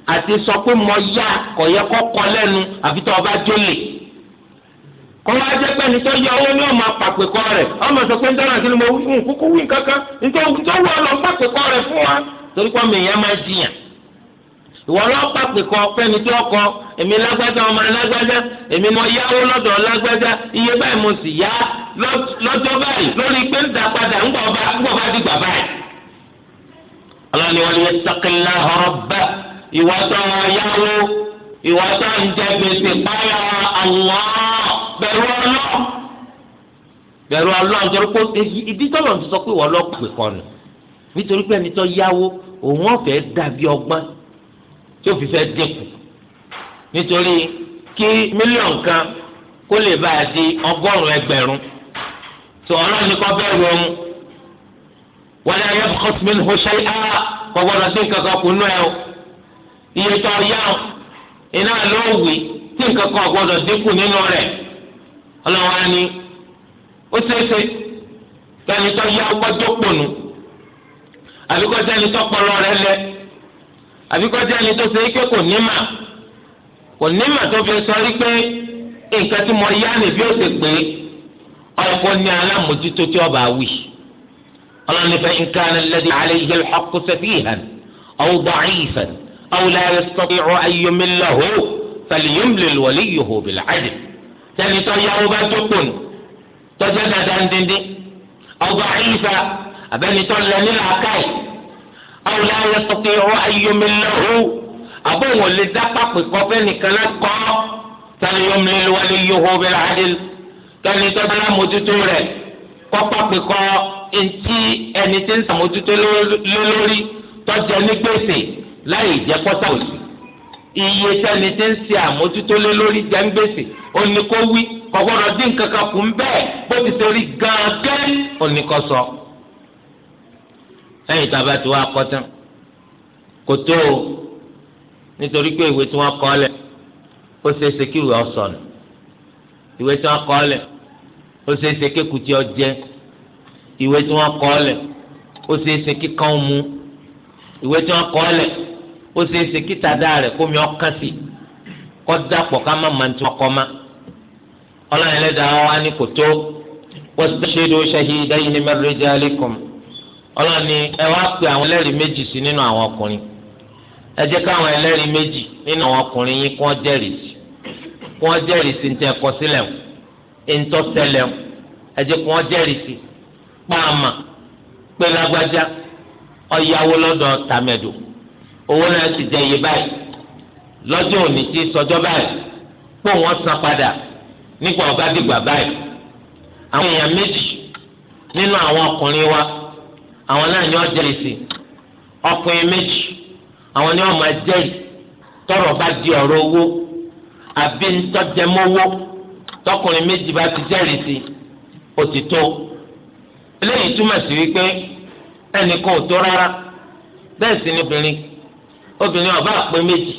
àti sọ pé mo yá kò yẹ kó kọ lẹ́nu àfi tó o bá jólè kọ́ wá jẹ́ pé ẹni tó yọ owó ní ọmọ pàpè kọ rẹ̀ ọmọ sọ pé ń dára sí ni mo wí wí kankan nítorí tó wọ́ ọ lọ pàpè kọ rẹ̀ fún wa torí pé ọmọ èèyàn máa jiyàn ìwọ ọlọ́pàá pèkọ fẹ́ni tí ó kọ èmi lágbájá ọmọ lágbájá èmi mo yáwó lọ́dọ̀ lágbájá iye báyìí mo sì yá lọ́jọ́ báyìí lórí pé ń dà padà ńgbọ̀ bá ńgbọ̀ bá dìgbà báyìí. ọlọ́ni wọn ni wọ́n sọ́kìlá ọ̀rọ̀ bá ìwọ tó ń yáwó ìwọ tó ń jẹ gbèsè báyà àwọn bẹ̀rù ọlọ́ bẹ̀rù ọlọ́ nítorí pé ìdí tọ́lọ̀ ti sọ pé ìwọ ọlọ́pàá pèkọ nù nítorí pé ẹni tó yáwó òun ọ̀fẹ́ dàbí ọgbọ́n tí ó fi fẹ́ dínkù nítorí kí mílíọ̀nù kan kó lè bá a di ọgọ́rùn-ún ẹgbẹ̀rún tó ọlọ́run ní kọ́ bẹ́ẹ̀ wọ́n wọlé ayé kọ́sìmínì hóṣẹ́ á kọ́ gbọ́dọ̀ sí nǹkan kan kù nú ẹ o iye tó yá o iná ló wì tí nǹkan kan gbọ́dọ̀ dínkù nínú rẹ̀ ọlọ́run á ní ó ṣeéṣe kẹ́ni tó yá ọgbọ́dọ̀ pònú àbíkọ́ sẹ́ni tó pọ̀ lọ́rẹ́ lẹ́ẹ̀ àbí kọjá ẹni tó ṣe é pé kò ní mà kò ní mà tó fi sọ rí pé nǹkan tí mo yá ni bí ó ṣe pé ọkọ ní alámòjútó tí ọba wì ọlọ́ni fẹ́ nǹkan alladhi alayhi al-haqqu safihan aw da'ifan aw la yastati'u an yumillahu falyumlil waliyuhu bil-'adl tẹni tó yáwó bá jókòó nù tọ́jà dandan díndín aw da'ifa abẹ́ni tó lẹ nílò àkáyì àwòlá ayé sọ̀kè ọ̀rọ̀ ayọ̀mẹlẹ́hó àbò wọn lè dá pápẹ́ kọfẹ́ nìkan náà kọ́ tani yọmọlẹ́lẹ́ wà lè yọ̀hó bẹ́ẹ̀ adìl kẹ́ni tọ́jú alámòjútó rẹ̀ kọ́ pápẹ́ kọ́ etí ẹni tí ń sàmójútó lórí tọ́jú ẹni gbèsè láì jẹ́ pọ́tà òsì iye tẹ́ni tí ń ṣe àmójútó lé lórí jẹ́ ń gbèsè òní wí kọ̀gbọ́dọ̀ dín kankan kù bẹ́ẹ̀ bó ti ṣe gángan òní sọ lẹ́yìn tá a bá ti wá kọ́ tán kò tó o nítorí pé ìwé tí wọ́n kọ lẹ̀ ó ṣeé ṣe kí ìwé ọ̀sọ̀nù ìwé tí wọ́n kọ lẹ̀ ó ṣeé ṣe kí èkúté ọjẹ́ ìwé tí wọ́n kọ lẹ̀ ó ṣeé ṣe kí kàn mú ìwé tí wọ́n kọ lẹ̀ ó ṣeé ṣe kí tàdá rẹ̀ kó mi ọkàn sí kọ́ dàpọ̀ ká má máa tí wọ́n kọ́ má ọlọ́run ẹlẹ́dàá wa ní kò tó wọ́n ṣe ṣe ṣahidayni min rijalikum ọlọ́run ni ẹ wá pe àwọn ẹlẹ́rìí méjì sí nínú àwọn ọkùnrin ẹ jẹ́ káwọn ẹlẹ́rìí méjì nínú àwọn ọkùnrin yín kí wọ́n jẹ́rìí sí kí wọ́n jẹ́rìí sí ntẹ́ ẹ̀kọ́ sílẹ̀ o ntọ́ tẹ́lẹ̀ o ẹ jẹ́ kí wọ́n jẹ́rìí sí pààmà pé lágbájá ọ̀yàwó lọ́dọ̀ tàmẹ̀dò owó náà ti jẹ iye báyìí lọ́jọ́ òní ti sọjọ́ báyìí pé wọ́n san padà nípa ọ̀gá dìgbà báyìí àwọn èèyàn méjì nínú àwọn ọkùnrin wa àwọn náà ni wọ́n jẹ́rìí sí ọkùnrin méjì àwọn ni wọ́n máa jẹ́rìí tọ́rọ̀ bá di ọ̀rọ̀ owó àbí ntọ́jẹmọ́wó tọkùnrin méjì bá ti jẹ́rìí sí òtítọ́ eléyìí túmọ̀ sí wípé ẹnìkan ò tó rárá bẹ́ẹ̀ sì ni obìnrin obìnrin ọba àpé méjì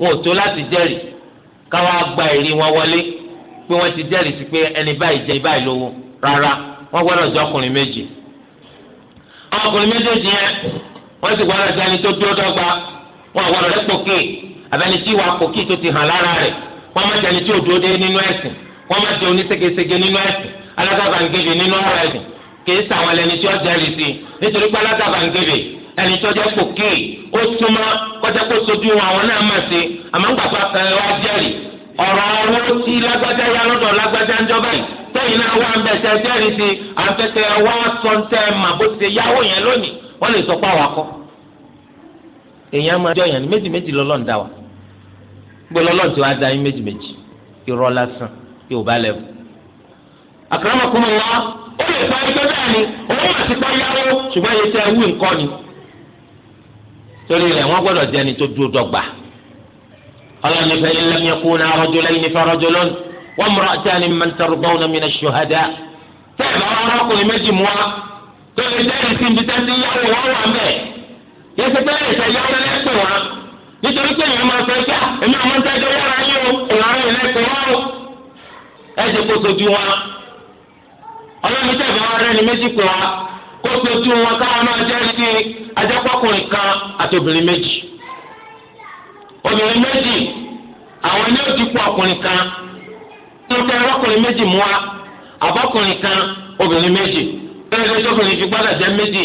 wọn ò tó láti jẹ́rìí káwọn agba ẹ̀rí wọn wọlé pé wọ́n ti jẹ́rìí sí pé ẹni báyìí jẹ́ báyìí lówó rárá wọ́n gbọ́dọ̀ jẹ́ ọkùnrin méjì ọmọkùnrin méjèèjì yẹn wọ́n sì gbọ́dọ̀ sí ẹni tó dúró dọ́gba wọn àwọn ọ̀rẹ́ pòkì abẹni tí wàá pòkì tó ti hàn lára rẹ̀ wọ́n má jẹni tí ò dúró dé nínú ẹ̀sìn wọ́n má jẹ oníségesège nínú ẹ̀sìn alágàbàǹgẹ̀bẹ̀ nínú ọ̀rọ̀ ẹ̀sìn kìí sàwọn ẹni tí ó jẹ́rìí sí nítorí pé alágàbàǹgẹ̀bẹ̀ ẹni tó jẹ́ pòkì ó súnmọ́ kọjá kó sojú àwọn náà mà sí àmọ́ ń gbàgbọ́ ọ̀rọ̀ ọ̀rọ̀ tí lágbájá yá lọ́dọ̀ lágbájá ń jọba yìí tẹ́yìn náà wá ń bẹ̀ tẹ́ jẹ́rìí sí afẹ́tẹ́ wá sọ́ńtẹ́ mà bó ti ṣe yáwó yẹn lónìí wọ́n lè sọ pé àwọn akọ. èèyàn máa jọ yẹn ní méjì méjì lọ́lọ́run dá wa gbé lọ́lọ́run tí wàá da yín méjì méjì irọ́ lásán yóò bá lẹ́bù. akramakumullah ó lè sọ ẹgbẹ́ bẹ́ẹ̀ ni òun àti pé yáwó ṣùgbọ́n iye tẹ́ wí nǹkan ni. torí rẹ̀ wọ́n gbọ́dọ̀ jẹ́ni tó dúró dọ́gba. ọlọ́run ní fẹ́ wọ́n mọ̀rọ̀ àti àní mẹ́tẹ́rù bọ́ọ̀nà mi náà ṣùhádà. tẹ́lẹ̀ àwọn arákùnrin méjì mú wa tó lè dẹ́rẹ̀ sí ibi tẹ́tí yáwó wọn wà mẹ́. yẹsẹ bẹ́ẹ̀ ẹ̀sẹ̀ yáwó lẹ́sẹ̀ wọn nítorí pé èèyàn máa fẹ́ gbà èmi àwọn tẹ́jọ́ yára yín o ìlànà ìlẹ́sẹ̀ wọn o. ẹ ṣe kó sojú wọn. ọlọ́run tẹ̀lé wọn rẹ́ni méjì pé wa kó sojú wọn káwọn náà jẹ́rìí sí ajẹ́pọ̀kùnrin kan àti obìnrin méjì. obìnrin méjì àwọn ni ó tẹ ọkùnrin méjì mú wa àbọ̀kùnrin kan obìnrin méjì bẹ́ẹ̀ ló tókùnrin fi gbọ́dọ̀ jẹ́ méjì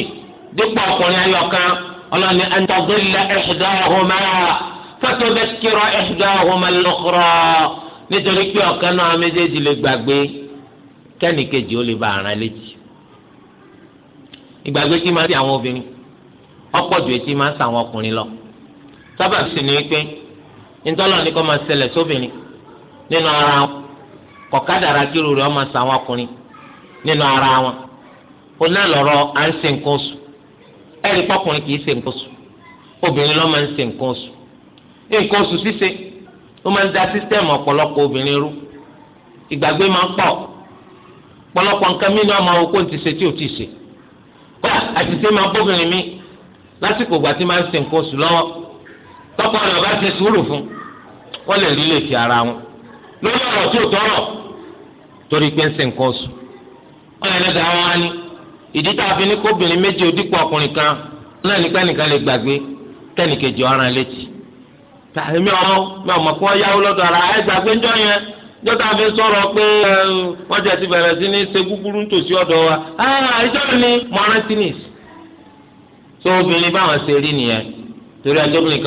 dípò ọkùnrin ayọ̀kan ọlọ́ni ẹ̀ńtàgbélé ẹ̀ṣùdá ọ̀húnmá fẹ́tọ́bẹ́ kírọ ẹ̀ṣùdá ọ̀húnmá lọ́kọ́rọ́ nítorí pé ọ̀kan náà méjèèjì lè gbàgbé kẹ́nìkejì ó lè bá ara létí ìgbàgbé tí máa ń ṣe àwọn obìnrin ọ̀pọ̀ ju etí máa ń ṣàwọn ọkùnrin lọ sábà sì ni pé ntọ́lọ́ ni kò máa ṣẹlẹ̀ sóbìnrin nínú ara wọn kọ̀kadàrà kírò rẹ̀ ọmọ sàwọn ọkùnrin nínú ara wọn ó náà lọ́rọ̀ à ń ṣe nǹkan oṣù ẹ̀rí pọ́kùnrin kì í ṣe nǹkan oṣù obìnrin ló máa ń ṣe nǹkan oṣù nǹkan oṣù ṣíṣe ó máa ń da sísítẹ́ẹ̀mù ọ̀pọ̀lọpọ̀ obìnrin rú ìgbàgbé máa ń pọ̀ ọ̀pọ̀lọpọ̀ nǹkan mí náà máa wò kó ti ṣe tí ò ti ṣe kódà àtìṣe máa bóbìnrin mi lásìkò ìgbà tí máa ń ṣe nǹkan oṣù lọ́wọ́ tọ́pọ̀ ọ̀nà bá ṣe sùúrù fún wọ́n lè rí lè fi ara wọn lórí ọ̀rọ̀ tí ò tọ́rọ̀ torí pé ń ṣe nǹkan oṣù wọn lè lọ́dọ̀ àwọn wani ìdí tá a fi ní kóbìnrin méjì òdìpọ̀ ọkùnrin kan náà nípa nìkan lè gbàgbé kẹ́nìkejì ọ̀ràn létí tàbí ọmọ mi ọmọ kí wọ́n yáwó lọ́dọ̀ ara ẹ gbàgbé ńjọ́ yẹn ńjọ́ tá a fi sọ̀rọ̀ pé wọ́n jẹ́ ti bẹ̀rẹ̀ sí ní ṣe gúgúrú nítòsí ọ̀dọ̀ wa ah, ìjọ́ ni mọ́rẹ́tínìs tó obìnrin báwọn ṣe rí nìyẹn torí ẹjọ́ obìnrin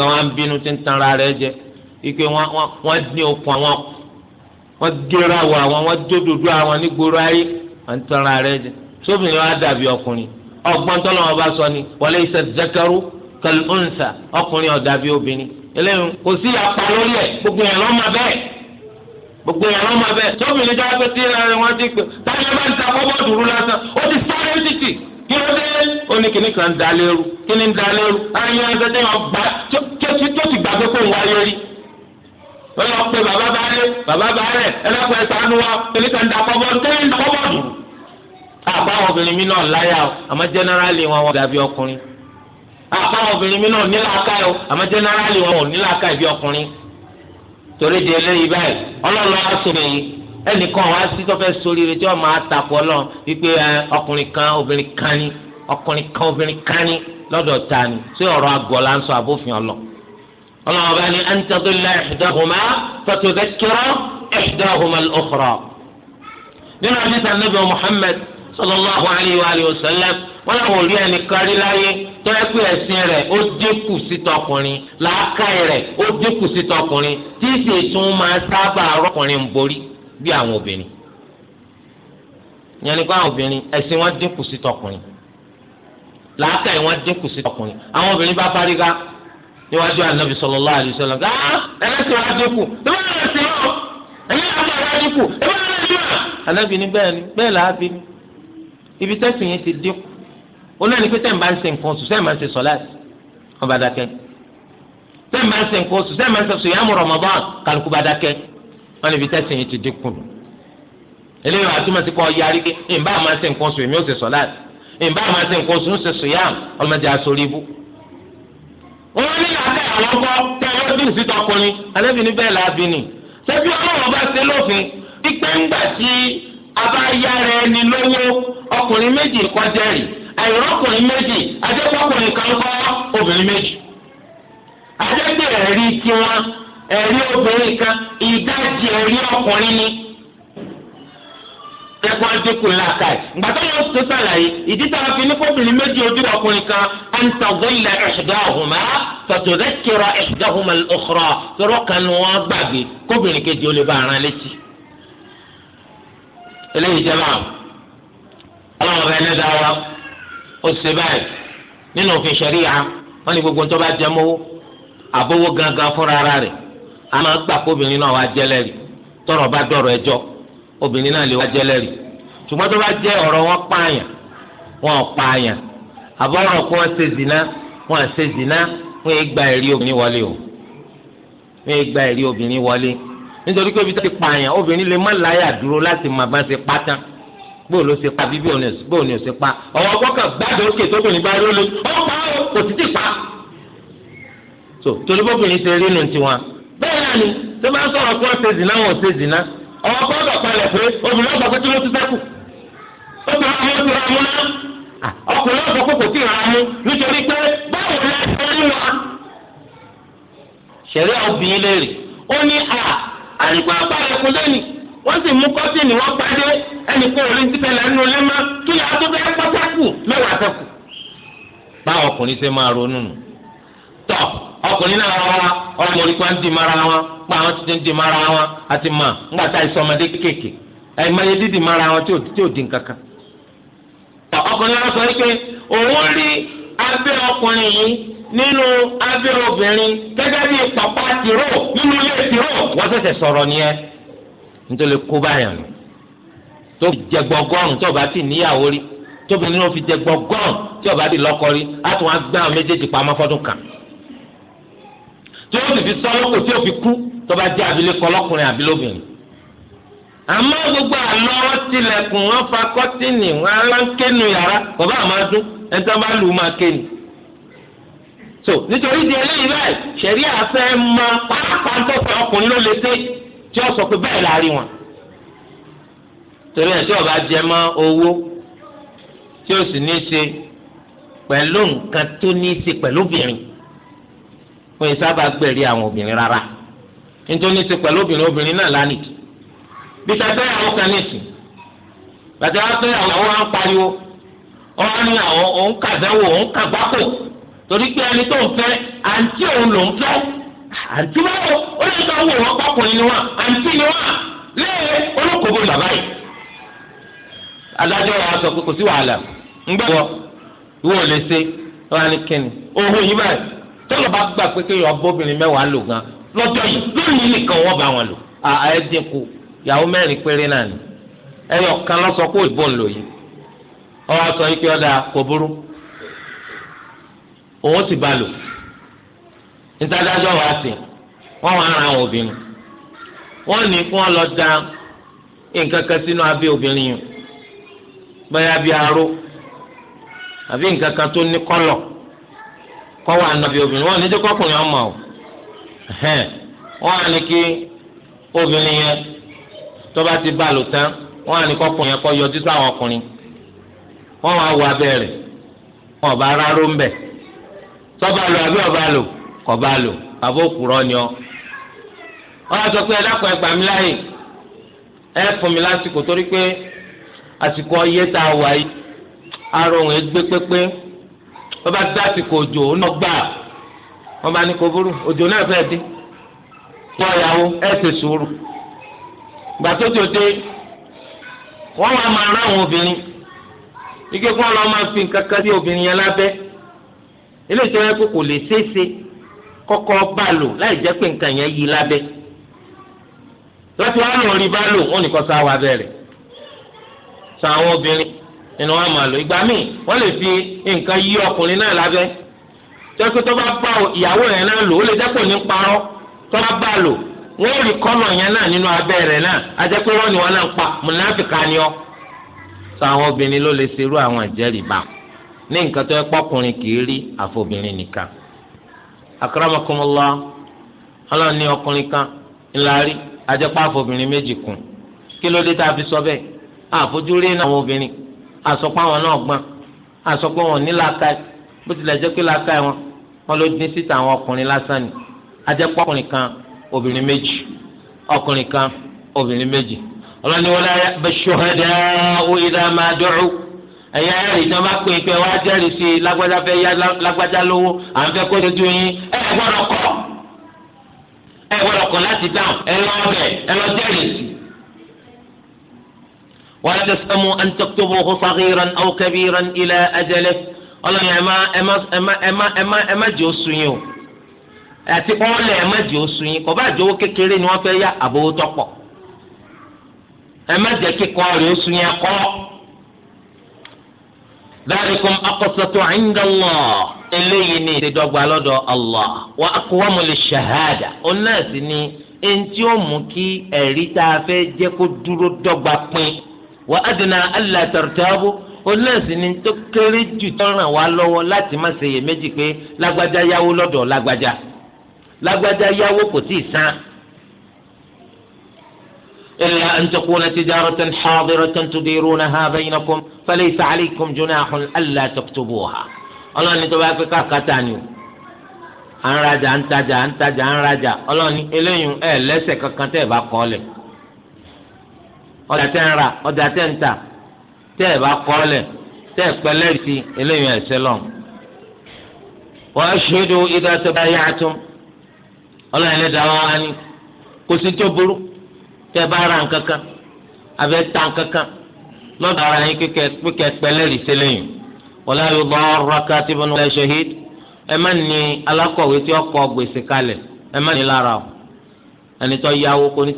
kan wọ́n gẹ́ra wọ àwọn wọ́n jódodo àwọn nígboro ayé wọ́n ń rẹ jẹ sóbìnrin wa dàbí ọkùnrin ọgbọ́n tọ́lọ́ wọn bá sọ ni wọlé iṣẹ́ zakaru kẹlẹ́ǹsà ọkùnrin ó dàbí obìnrin eléyìí kò sí apá lórí ẹ̀ gbogbo yẹn lọ́mọ bẹ́ẹ̀ gbogbo yẹn lọ́mọ bẹ́ẹ̀ sóbìnrin tó wá pé tí ìlànà wọn ti pè táyà bá ń ta kọ́bọ̀ dùrú lásán ó ti sáré títì kí ló dé ó lọ pé bàbá baálé bàbá baálé ẹlẹ́kùn ẹ̀sán nu wa kìnìkan dà pọ̀ bọ́ọ̀dù kìnìkan dà pọ̀ bọ́ọ̀dù. àbáwọn obìnrin mi náà láyà o àmọ́ jẹ́nẹ́rálì wọn wọn dàbí ọkùnrin àbáwọn obìnrin mi náà nílàáká o àmọ́ jẹ́nẹ́rálì wọn ò nílàáká ìbí ọkùnrin torí di eléyìí báyìí ọlọ́run á sọ èyí ẹnìkan wá sí tó fẹ́ sóríire tí wọ́n máa takò ọlọ́run wípé ọkùnrin kan obìnrin kan ni ọkùnrin kan obìnrin kan ni lọ́dọ̀ ta ni sí ọ̀rọ̀ àgọ́ la ń sọ ọlọ́run bá ní an tadilla ihdahuma fatudhakkira ihdahuma al-ukhra. nínú àdìsá nàbẹ muhammed sallallahu alayhi wa sallam wọn làwọn òrí ẹni kárí láyé tó yẹ pé ẹ̀sìn rẹ̀ ó dínkù sí tọkùnrin làákàyè rẹ̀ ó dínkù sí tọkùnrin tí sì tún máa sábà rọkùnrin borí bí àwọn obìnrin yẹnni pé àwọn obìnrin ẹ̀sìn wọn dínkù sí tọkùnrin làákàyè wọn dínkù sí tọkùnrin àwọn obìnrin bá parí ká níwájú ànábì sallallahu alaihi wasallam ah ẹlẹsìn wa dínkù ẹwọn náà ṣe ọ ẹyìn àbọ wa dínkù ẹwọn náà ṣe ọ. ànábì ni bẹ́ẹ̀ ni bẹ́ẹ̀ là á bí ni ibi tẹ́sìn yẹn ti dínkù olóyìn pé tẹ́ǹbà ń ṣe nǹkan oṣù sẹ́ǹbà ń ṣe sọ́láàtì ọba dákẹ́ tẹ́ǹbà ń ṣe nǹkan oṣù sẹ́ǹbà ń ṣe sọ yàmù Ramadan kálukú bá dákẹ́ wọn ibi tẹ́sìn yẹn ti dínkù nù eléyìí wàá túmọ̀ sí kọ́ yarí pé ìbá máa ń ṣe nǹkan oṣù èmi ò ṣe sọ́láàtì ìbá máa ń ṣe nǹkan oṣù òun ní làákà àlọ́kọ́ tẹ ẹ lọ́dún sí tọkùnrin alẹ́bí ní bẹ́ẹ̀ làábí ni ṣebí ọlọ́run bá ṣe lófin pípẹ́ ńgbà tí a bá yára ẹni lówó ọkùnrin méjì kọjá rì àìrọ́kùnrin méjì ajẹ́kọ̀ọ́kùnrin kan kọ́ obìnrin méjì ajẹ́gbẹ̀rẹ̀ rí tiwọn ẹ̀rí obìnrin kan ẹ̀rí ọkùnrin ni. tẹ́kọ̀ dínkù làákàyè gbàtọ́ wọn tó sàlàyé ìdí táwọn fi ní kóbìnrin méjì ojú ọkùnrin kan antagolila ihdahuma fatudhakkira ihdahuma al-ukhra tọrọ kan ni wọn gbàgbé kóbìnrin kejì ó lè bá ara létí. eléyìí jẹ́ báwọn ọlọ́run ọba ẹni dáa wa ó ṣe báyìí nínú òfin ṣẹ̀ríya wọ́n ní gbogbo obìnrin náà lè wá jẹ́ lẹ́rìí ṣùgbọ́n tó bá jẹ́ ọ̀rọ̀ wọn pààyàn wọn ò pààyàn àbọ̀rọ̀ kó wọn ṣe zina wọn ṣe zina wọn yé gba ẹ̀rí obìnrin wọlé o wọn yé gba ẹ̀rí obìnrin wọlé nítorí pé ibi tó ti pààyàn obìnrin lè má láyà dúró láti má bá ṣe pátán bóò ló ṣe pa bí bóò ní o ṣe pa ọ̀wọ́ gbọ́kàn gbádùn òkè tóbìnrin bá rí lórí ó pa kò sì ti pa. so torí bóbìnrin ṣe rí nu ni tó bá sọ̀rọ̀ kó ṣe zina ọwọ́ gbọ́dọ̀ kalẹ̀ pé obìnrin ọgbà pé tí ló ti sẹ́kù obìnrin ọgbà tó ra mú náà ah, ọkùnrin ọgbà kò kò tí ì ra mú nítorí pé báwo ni ẹ ṣe rí wa. ṣẹ̀rí obìnrin léèrè ó ní à àyìnbó abáyọ̀ kú lẹ́nu wọ́n sì mú kọ́tìnì wọ́n pàdé ẹnì kan ò síbẹ̀ lẹ́nu ilé mọ́ kí ni àtúntò ẹ pọ́ sẹ́kù mẹ́wàá sẹ́kù. báwọn ọkùnrin ṣe máa ronú nù tọ́ ọkùnrin náà rárá ọmọ orí kan di mara wọn pa àwọn ti di mara wọn àti mà ńgbà tá ìsọmọdé kéékèèké ẹ̀ẹ́mọye mara wọn tí ò di nkankan. ọkùnrin náà sọ pé òun rí abẹ́ ọkùnrin yìí nínú abẹ́ obìnrin gẹ́gẹ́ bí pàpà tìró nínú ilé tìró wọ́n sọ̀rọ̀ nìyẹn nítorí kó nù tó jẹ gbọgọrùn tó bá ti níyàwó rí tóbi nínú fi jẹ gbọgọrùn ti rí tí ó sì fi sọ́wọ́ kò tí ó fi kú tó bá jẹ́ abilékọ ọlọ́kùnrin abilóbìnrin. àmọ́ gbogbo àlọ́ wọn tilẹ̀kùn wọn fa kọ́tìnì wọn aláǹkénu yàrá bàbá àmàdún ẹni bá lù ú máa kéènì. so nítorí di eléyìí báyìí ṣẹ̀rí àfẹ́ máa pàápàá tó fẹ́ ọkùnrin ló lè dé tí ó sọ pé bẹ́ẹ̀ la rí wọn. torí ẹ̀ tí ọba jẹ mọ́ owó tí ó sì ní í ṣe pẹ̀lú nǹkan tó ní í wọn yìí gbẹ̀rí àwọn obìnrin rárá nítorí ti pẹ̀lú obìnrin obìnrin náà lánìí bí tẹ́tẹ́ àwọn kan nìsín bàtẹ́ wọn pé àwọn àwọn ń pariwo wọn ní àwọn òun kàdáwò òun kàgbákò torí pé ẹni tó ń fẹ́ àǹtí òun ló ń fẹ́ àǹtí ó lè wò wọn ni wọn àǹtí ni wọn lẹ́yìn olókòwò bàbá yìí tọ́lọ̀ bá gbà pé kéèyàn bóbìnrin mẹ́wàá lò gan lọ́jọ́ yìí lónìí nìkan wọ́n bá wọn lò ẹ dínkù péré náà ni ẹyọ kan lọ́sọ kó ìbò ń lò yìí ọwọ́ sọ yìí pé ọ̀dà kò burú òun sì bá lò nítàdájọ́ wàá sìn wọ́n wàá ran àwọn obìnrin ní kí lọ da nǹkan kan sínú obìnrin yìí bíi aró àbí nǹkan kọ́ wà obìnrin wọn níjẹ́ kọkùnrin ọmọ o wọn á ní kí obìnrin yẹn tó bá ti bá lò tán wọn á ní kọkùnrin yẹn kọ́ yọjú sáwọn ọkùnrin wọn wá wọn rárá ń bẹ̀ lò ọ. wọn á sọ pé láàyè ẹ fún mi lásìkò torí pé àsìkò ọyẹ tá a wà yìí òun ẹ wọ́n bá dásìkò òjò náà gbà wọ́n bá ní kò burú òjò náà fẹ́ dé wọ́n yàwó ẹ̀ ṣe sùúrù gbà tó tó dé wọ́n wá máa rán àwọn obìnrin ike kó lọ́ọ́ máa fi nǹkan kan sí obìnrin yẹn lábẹ́ ilé ìtura ẹ̀kọ́ kò lè ṣeéṣe kọ́kọ́ bá lò láì jẹ́ pé nǹkan yẹn yí lábẹ́ láti wá lọ́ọ́ bá lò wọ́n nìkan sá bẹ̀rẹ̀ sọ àwọn obìnrin nínú wọn máa lò ìgbà míì wọ́n lè fi nǹkan yí ọkùnrin náà lábẹ́ tẹ́kí tó bá bá ìyàwó rẹ̀ náà lò ó lè dẹ́kun ní parọ́ tó bá bá lò wọ́n rí kọ́nà yẹn náà nínú abẹ́ rẹ̀ náà ajẹ́ pé wọn náà pa ni ọ́. sọ àwọn obìnrin ló lè àwọn ìjẹ́rìí bá ní nǹkan tó yẹ kì í rí àfọbìnrin nìkan. ní ọkùnrin a fi sọ àfojúrí àsọpọ̀ àwọn náà gbọ́n àsọpọ̀ wọn ní làákàyè bó tilẹ̀ jẹ́ pé làákàyè wọn wọn ló dín síta àwọn ọkùnrin lásán ni ajẹ́pọ̀ ọkùnrin kan obìnrin méjì ọkùnrin kan obìnrin méjì ọlọ́ni wọn láyà bẹ ṣọ́hẹ́dẹ́ ó ìdá máa dọ́rù ẹ̀yà ẹ̀rì tí wọ́n bá pè é pé wọ́n á jẹ́rìí sí i lágbájá fẹ́ yá lágbájá lówó à ń fẹ́ kó dojú yín ẹ̀ gbọ́dọ̀ kọ́ ẹ̀ gbọ́dọ̀ kọ́ láti dáhùn ẹ̀ lọ́ọ́ bẹ̀ ẹ̀ lọ́ ولا تسأموا أن تكتبوه صغيرا أو كبيرا إلى أجله ọlọ́run ẹ má ẹ má ẹ má ẹ má ẹ má ẹ má jẹ́ oṣù yín o àti ọ̀lẹ̀ ẹ má jẹ́ oṣù yín kò bá jẹ́ owó kékeré ni wọ́n fẹ́ yá àbówó tọ́pọ̀ ẹ má jẹ́ kíkọ́ rẹ̀ oṣù yín akọ́ dalikum aqsatu inda eléyìí ni ìdọ́gba lọ́dọ̀ Allah wa aqwamu lish-shahada ọ̀nà sì ni ẹni ó mú kí ẹ̀rí tá a fẹ́ jẹ́ kó dúró dọ́gba pín wa adna alla tartabu onáàsì ni tó kéré jù tó ràn wá lọ́wọ́ láti má ṣe yè méjì pé lágbájá yáwó lọ́dọ̀ lágbájá lágbájá yáwó kò tí ì san. إلا أن تكون تجارة حاضرة تديرونها بينكم فليس عليكم جناح ألا تكتبوها ọlọ́ni tó bá pẹ́ káàkátà ni o à ń rajà à ń tajà à ń tajà à ń rajà ọlọ́ni eléyìí ẹ̀ lẹ́sẹ̀ kankan tẹ́ ẹ bá kọ́ lẹ̀. ọjà tẹ́ ń ra ọjà tẹ́ ń tà tẹ́ ẹ bá kọ́ lẹ̀ tẹ́ ẹ pẹ́ lẹ́rìí eléyìí ẹ̀sẹ̀ lọ. wa ashhadu idha tabaya'tum ọlọ́run lè dá wọn wá ní kò sí tó burú bá ra nǹkan kan ta nǹkan kan lọ́dọ̀ ara yín kíkẹ́ pẹ́ lẹ́rìí sí lẹ́yìn wala yudarra katibun wala shahid ẹ má ní alákọ̀wé tí gbèsè kalẹ̀ ẹ má ní lára o yáwó kò ní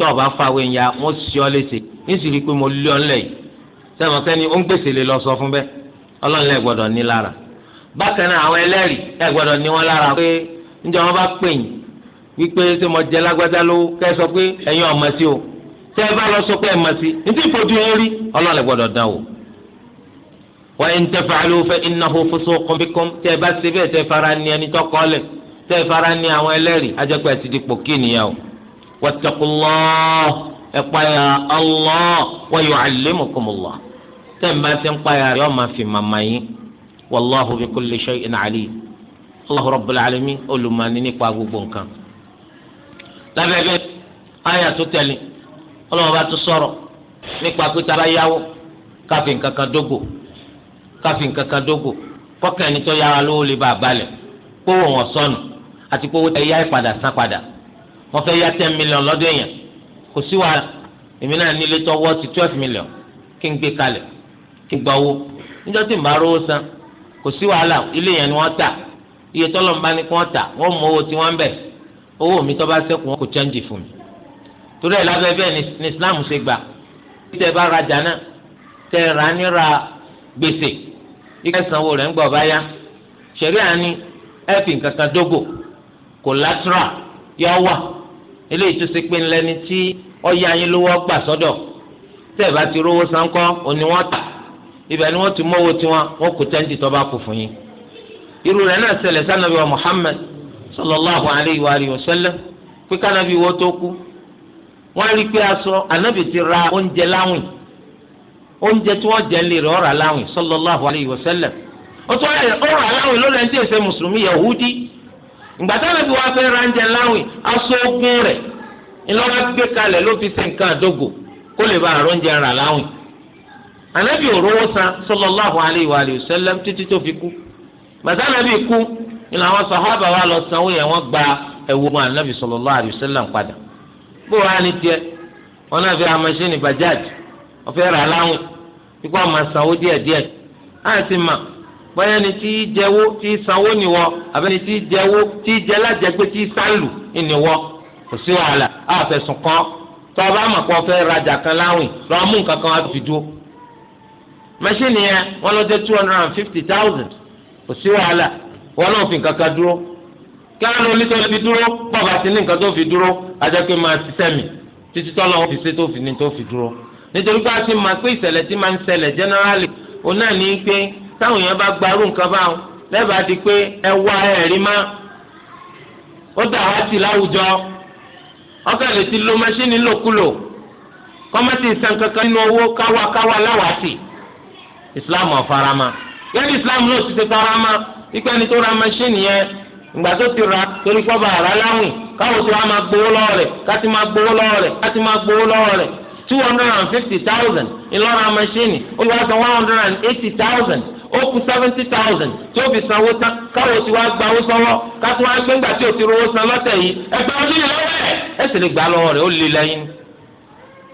ya wọ́n sì ọ́ yín sì i pé mo lé ọ́n lẹ̀ yìí sẹ́mi ọ̀sẹ́ni ó ń gbèsè lè lọ sọ fún bẹ́ẹ̀ ọlọ́run lẹ́ ní lára bákan náà àwọn ẹlẹ́rìí ẹ gbọdọ ní wọn lára pé wọn bá pè yín wípé ṣé mo jẹ lágbádá sọ pé sí o tẹ́ ẹ bá lọ sọ pé sí nítorí rí o. wa in taf'alu fa innahu fusuqun bikum tẹ́ ẹ bá ṣe bẹ́ẹ̀ tẹ́ fara ní ẹni tó kọ́ ẹ̀páyà Allah wa yu'allimukumullah tẹ́ ń bá ń páyà rẹ̀ ọmọ fi màmá yín wallahu bi kulli shay'in alim Allahu rabbul alamin olùmọ̀ọ́ni nípa gbogbo nǹkan. lábẹ́ ayé àtúntẹ̀lé ọlọ́wọ́ bá tún sọ̀rọ̀ nípa pé tara yáwó káfí nǹkan dógò káfí nǹkan dógò kọ́kẹ́ ẹni tó yára lówó lè bá a balẹ̀ kówó kò sí wàhálà èmi náà nílé tọwọ́ ti twelve million kí n gbé kalẹ̀ kí n gba owó níjọ́ tí n bá rówó san kò sí wàhálà ilé yẹn ni wọ́n tà iye tọ́lọ̀ ń bá ní kí wọ́n tà wọ́n mú owó tí wọ́n ń bẹ̀ owó mi tó bá ṣẹ́kù wọn kò chẹ́ǹjì fún mi torí ẹ̀ lábẹ́ bẹ́ẹ̀ ni Islam ṣe gbà títẹ̀ bá rajà náà tẹ̀ rà níra gbèsè ike sanwó rẹ̀ ń gbọ̀ bá yá ṣẹ̀rí ẹ̀fìn kankan dógò collateral yọ wà eléyìí tó ṣe pé ńlẹ́ni tí ọyẹ anyin lówó gbà sọ́dọ̀ tẹ́ ẹ̀ bá ti rówó sáńkọ́ òní wọ́n tà ibẹ̀ ni wọ́n ti mọ́wó tiwọn wọ́n kò tẹ́ǹtì tó bá fún yín. irú rẹ̀ náà ṣẹlẹ̀ sànàbí wa Muhammad sallallahu alayhi wa alihi wa sallam pé kànàbí wo tó kú wọ́n rí pé aṣọ ànábì ti ra oúnjẹ láwìn oúnjẹ tí wọ́n jẹ ń lè rẹ̀ ọ̀rà láwìn sallallahu alayhi wa sallam ó tún ọ̀rà láwìn ló lẹ́ńtì ẹ̀sẹ̀ mùsùlùmí yahudi ìgbàtà nàbí wàá fẹ́ ránjẹ láwìn aṣọ ogun gbé ló fi ṣe nǹkan àdógò kó lè bá àrọ́njẹ rà láwìn. ànábì òróró san alayhi wa títí tó fi kú gbàtà nàbí kú ìlànà àwọn sàhábà wa lọ sanwó yẹn wọ́n gba ẹ̀wù mọ́ ànábì sallallahu alayhi wa sallam padà. bó wàá ní wọn náà bajaj rà láwìn sanwó máa bóyá ẹni tí í jẹwó tí í sanwó nìwọ àbẹ́ni tí í jẹwó tí í jẹ lájẹgbé tí í sálù nìwọ kò sí wàhálà á fẹ̀sùn kàn tó o bá mọ̀ pé o fẹ́ rajà kan láwìn lọ́ọ́ mú nǹkan kan á fi dúró mẹ́ṣíìnì yẹn wọ́n ló dé two hundred and fifty thousand kò sí wàhálà wọn náà fi nǹkan kan dúró kí wọn lọ nítorí fi dúró bàbá ti ní nǹkan tó fi dúró ajẹ́pẹ́ máa ṣiṣẹ́ mi títí tọ́lọ́ wọn fi ṣe tó fi ní tó fi dúró generally òun náà táwọn èèyàn bá gbarú nǹkan báwọn lẹ́bàá di pé ẹ wá ẹ̀rí má ó dà wá sí láwùjọ ọ̀kẹ́lẹ̀ ti lo mẹ́ṣíìnì lòkulò kọ́mẹ́tì san kankan nínú owó káwa káwa láwàásì ìsìláàmù ọ̀farama yẹ́nì ìsìláàmù náà ti ti farama ikpe ni tó ra mẹ́ṣíìnì yẹn ìgbà tó ti ra torí ara láwìn káwọn tó wá máa gbowó lọ́wọ́ rẹ̀ káti máa gbowó lọ́wọ́ rẹ̀ káti máa gbowó lọ́wọ́ rẹ̀ two hundred and fifty thousand ìlọ́ra mẹ́ṣíìnì olùwàsàn one hundred and eighty thousand ó kù seventy thousand tó fi sanwó tán káwọ́ tí wàá gba owó sọ́wọ́ kátó wàá gbé ńgbà tí o ti rówó san lọ́tẹ̀ yìí ẹgbẹ́ ọdún yìí lọ́wọ́ ẹ̀ ẹ sì lè gbà lọ́wọ́ rẹ̀ ó lè lẹ́yìn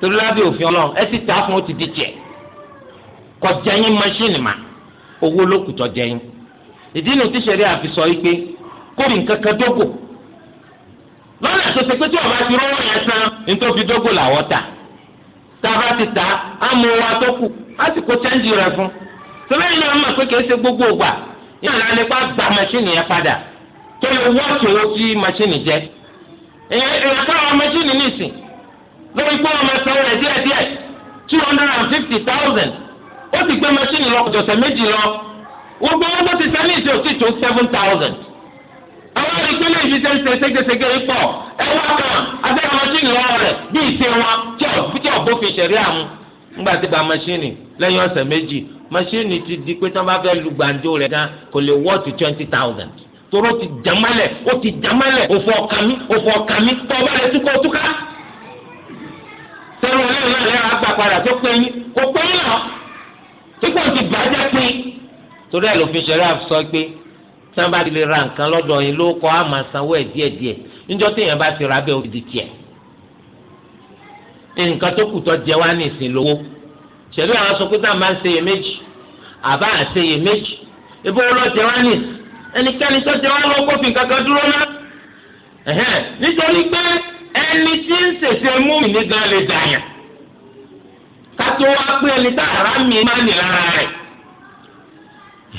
torí lábẹ́ òfin ọlọ́run ẹ sì tà á fún ó ti di tiẹ̀ kọjá yín mẹ́ṣíìnì mà owó ló kù tọ́já yín ìdí inú tíṣẹ̀rí àfisọ yìí pé kórìí nǹkan kan dógò lọ́nà tó ṣe pé tí ọba ti rówó yẹn san tàbá ti tà á mú wa tó kù á chẹ́ńjì rẹ̀ fún sọlẹ́yìn náà mọ̀ pé kìí ṣe gbogbo ògbà yóò gba mẹ́ṣíìnì yẹn padà tó lè wọ́ọ̀tì owó tí mẹ́ṣíìnì jẹ́ èèyàn káwọn mẹ́ṣíìnì nìsín lórí pé ọmọ ẹ̀sán two hundred and fifty thousand ó ti gbé mẹ́ṣíìnì lọ kọjọ́sẹ̀ méjì lọ gbogbo owó ti sẹ́ni ìṣe òsì tó seven thousand àwọn ìpínlẹ̀ ìṣiṣẹ́ ń ṣe ségesège pọ̀ ẹwà kan abẹ́rẹ́ mọ́ṣíìnì lọ́wọ́ rẹ̀ bí ìṣe wọn tí ọ̀bọ̀fin ṣẹ̀rí àmú ńgbà tí ba mọ́ṣíìnì lẹ́yìn ọ̀sẹ̀ méjì mọ́ṣíìnì ti di pé tí wọ́n bá fẹ́ lu gbàǹjo rẹ̀ gan kò lè wọ́ọ̀tù twenty thousand toro ti jamalẹ̀ o ti jamalẹ̀ òfò ọ̀kàmí òfò ọ̀kàmí tọ́ba rẹ̀ tún kọ́ túká tẹ́lẹ̀ ọ̀lẹ́yìn náà lẹ́yìn àgbà padà tó pé yín kò pé yín náà pípọ̀ ti bàjẹ́ pé torí ẹ̀ lófin ṣẹlẹ̀ àfisọ́ pé tí wọ́n bá ti lè ra nǹkan lọ́dọ̀ yín ló kọ́ àmà sanwó ẹ̀ díẹ̀díẹ̀ níjọ́ téèyàn bá ti ra bẹ́ẹ̀ òdìdí tiẹ̀ nǹkan tó kù tó jẹ wá ní ìsìn lówó ṣẹlẹ àwọn sọ pé táwọn máa ń ṣe iyèméjì àbá àṣe iyèméjì ebó wọn lọ jẹ wá ní ẹnikẹ́ni tó jẹ wá lọ kófin kankan dúró ná nítorí pé ẹni tí ń ṣèṣe mú mi ní gan lè dàyàn kátó wá pé ẹni tá àrá mi máa nì lára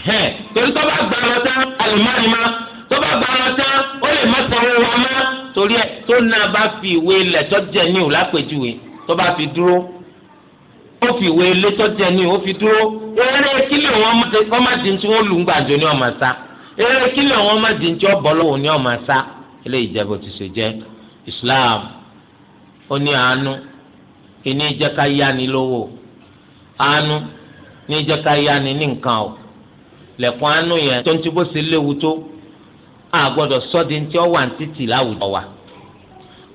rẹ̀ bá gbà lọ tán àlùmáàlì tó bá gbàrà tán ó lè má sanwó torí ẹ̀ tó náà bá fi ìwé ilẹ̀ tó jẹ lápèjúwe tó bá fi dúró ó fi ìwé ilé tó jẹ ní o fi dúró eré kílè wọn má di tí wọn lù ń gbàjọ ní ọmọ sá eré kílè wọn má di tí ọbọ lọ́wọ́ ní ọmọ sá eléyìí jẹ ti ṣe jẹ Islam ó ní àánú ìní ká yáni lówó àánú ní o lẹ̀kùn àánú yẹn tó ń a gbọ́dọ̀ sọ́di ntí ọwà ntìtì láwùjọ wa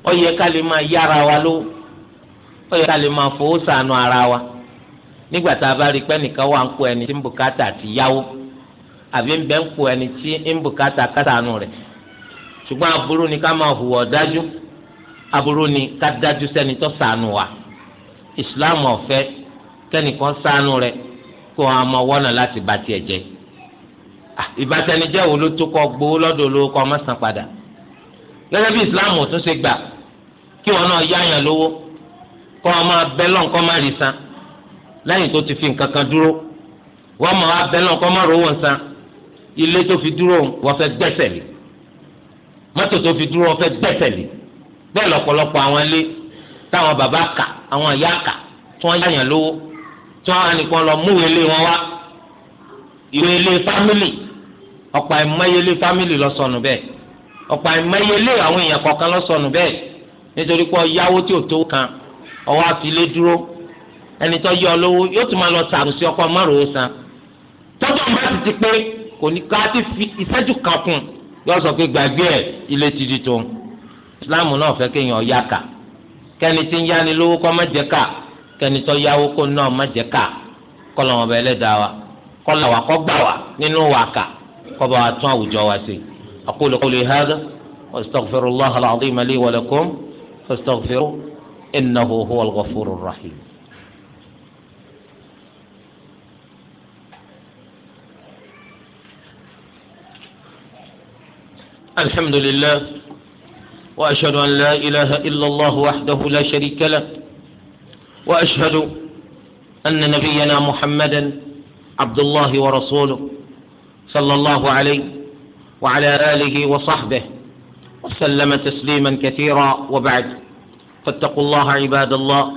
ó yẹ ká lè máa yára wa ló ó yẹ ká lè máa fowó sànù ara wa nígbà tá a bá rí i pé nìkan wà ń kó ẹni tí ń bùkátà ti yáwó àbí ń bẹ́ ń kó ẹni tí ń bùkátà kásánù rẹ̀ ṣùgbọ́n aburú ni ká máa hùwà dájú aburú ni ká dájú sẹ́ni tó sànù wa ìsìláàmù ọ̀fẹ́ kẹ́nìkan sànù rẹ̀ kó àwọn ọmọ wọ́nà láti bá tiẹ̀ ìbátanijẹ́ wo ló tó kọ́ gbowó lọ́dọ̀ lówó kọ́ ọmọ san padà gẹ́gẹ́ bí islam ò tún ṣe gbà kí wọn náà yáyàn lówó kọ́ ọmọ abẹ́lọ̀ nǹkan má rí san lẹ́yìn tó ti fi nǹkan kan dúró wọ́n mọ̀ abẹ́lọ̀ nǹkan má rówó san ilé tó fi dúró wọ́n fẹ́ gbẹ́sẹ̀ lé mọ́tò tó fi dúró wọ́n fẹ́ gbẹ́sẹ̀ lé bẹ́ẹ̀ lọ́pọ̀lọpọ̀ àwọn ilé táwọn bàbá kà àwọn ìyá kà tí wọ́n yáyàn lówó tí wọ́n á nìkan lọ múwèé lé wọn wá ìwé ilé fámìlì ọ̀pọ̀ àìmọyelé fámìlì lọ́sọ̀nù bẹ́ẹ̀ ọ̀pọ̀ àìmọyelé àwọn èèyàn kọ̀ọ̀kan lọ́sọ̀nù bẹ́ẹ̀ nítorí pé ọ̀yáwó tí ò tó kan ọwọ́ àfilé dúró ẹni tó yọ lówó yóò tún máa lọ sàrùn sí ọkọ márùn-ún san tọ́jú ọ̀ma ti ti pé kò ní ká ti fi ìṣẹ́jú kan sọ pé gbàgbé ẹ̀ ilé ti di tó ìsìláàmù náà fẹ́ kéèyàn ọ̀yá kà kẹ́ni tí ń lówó kọ́ má jẹ́ kà kẹ́ni tó yáwó kó náà má kà kọ́ wa kọ́ nínú kọ́ba àtún àwùjọ wa ṣe aqulu qawli hadha wastaghfirullaha al-azim li wa lakum fastaghfiru innahu huwal ghafurur rahim. الحمد لله واشهد ان لا اله الا الله وحده لا شريك له واشهد ان نبينا محمدا عبد الله ورسوله صلى الله عليه وعلى آله وصحبه وسلم تسليما كثيرا وبعد فاتقوا الله عباد الله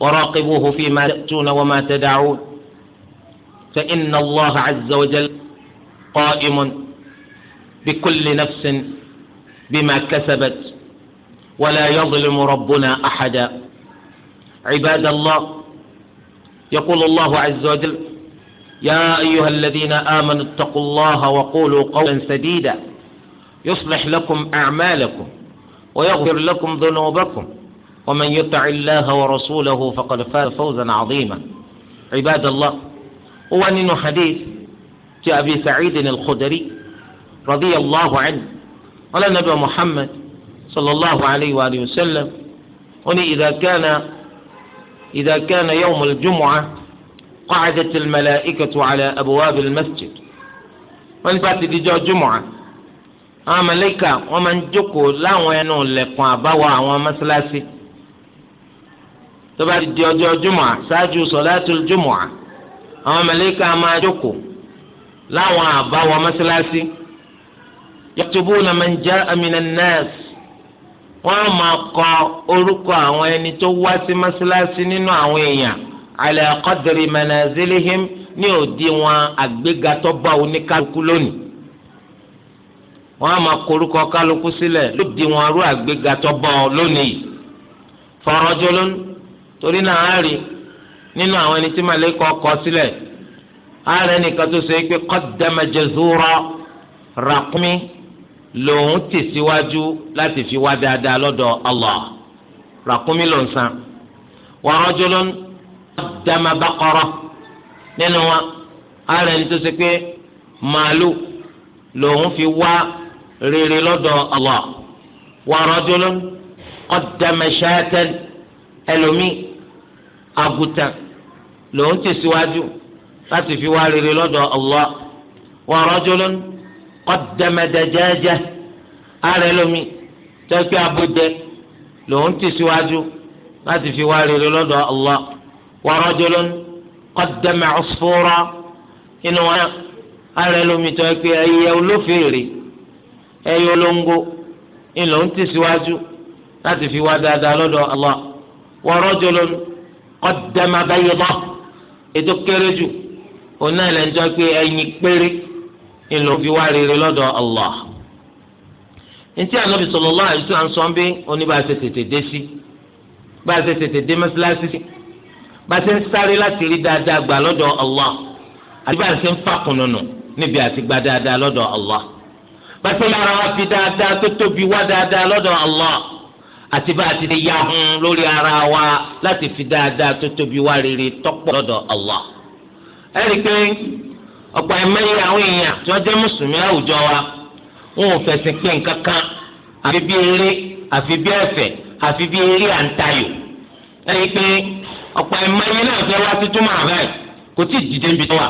وراقبوه فيما تأتون وما تدعون فإن الله عز وجل قائم بكل نفس بما كسبت ولا يظلم ربنا أحدا عباد الله يقول الله عز وجل يا أيها الذين آمنوا اتقوا الله وقولوا قولا سديدا يصلح لكم أعمالكم ويغفر لكم ذنوبكم ومن يطع الله ورسوله فقد فاز فوزا عظيما عباد الله هو حديث جاء أبي سعيد الخدري رضي الله عنه قال النبي محمد صلى الله عليه وآله وسلم وني إذا كان إذا كان يوم الجمعة قعدت الملائكة على أبواب المسجد wọ́n nípa ti dijọ́ jùmọ̀á àwọn mẹlẹ́kà wọ́n máa ń jókòó láwọn ẹnu lẹ̀kùn àbáwọ̀ àwọn mọ́sálásí tó bá ti di ọjọ́ jùmọ̀á ṣáájú sọ̀láàtú jùmọ̀á àwọn mẹlẹ́kà máa jókòó láwọn àbáwọ̀ mọ́sálásí yaktubuna man jaa minan nas wọ́n á máa kọ orúkọ àwọn ẹni tó wá sí mọ́sálásí nínú àwọn èèyàn ala qadri manazilihim ní òdiwọ̀n àgbégatọ́ bá oníkálukú lónìí wọ́n á máa korúkọ kálukú sílẹ̀ lódiwọ̀n arú àgbégatọ́ bá ọ lónìí farajulun torí náà á rí nínú àwọn ẹni tí màlẹ́kọ̀ kọ sílẹ̀ á rẹ nìkan tó ṣe é pé qaddama lòun tì láti fi wá dáadáa lọ́dọ̀ Allah ràkúnmí ló ń dama bakọrọ nínú wa ara ẹni tó ṣe pé màálù lòun fi wá rere lọ́dọ̀ Allah wa rajulun qaddama shatan ẹlòmí àgùtàn lòun ti síwájú láti fi wá rere lọ́dọ̀ Allah wa rajulun qaddama dajaja ara ẹlòmí tó abudẹ lòun ti láti fi wá rere lọ́dọ̀ Allah. ورجل قدم عصفورا إنه أنا أنا لو متوكي أي ولوفيري أي ولونغو إن لو أنت سواجو لا تفي وادا دالو الله ورجل قدم بيضة إتكرجو ona ilẹ̀ njọ́ pé ẹyin péré ńlọ fi wá rere lọ́dọ̀ Allah ntí anabi sallallahu alaihi wasallam ń sọ bí oníbàṣẹ tètè dé sí bàṣẹ tètè dé mọ́sálásí sí bá ṣe ń sáré láti rí dáadáa gbà lọ́dọ̀ Allah àti bá ṣe ń fàkùnùnù níbi àti gba dáadáa lọ́dọ̀ Allah bá ṣe yára wá fi dáadáa tó tóbi wá dáadáa lọ́dọ̀ Allah àti bá a ti di yahun lórí ara wa láti fi dáadáa tó tóbi wá rere tọ́pọ̀ lọ́dọ̀ Allah. ẹ pé ọ̀pọ̀ ẹ̀mẹ́yẹ àwọn èèyàn tí wọ́n jẹ́ mùsùlùmí àwùjọ wa wọn ò fẹ̀sìn pé nǹkan àfi bí eré àfi bí ẹ̀fẹ̀ àfi bí eré à ń tayò. ẹ pé ọ̀pọ̀ ẹ̀ma yẹn náà fẹ́ wá sí túmọ̀ àbá yìí kò tí ì dìde níbi tó wà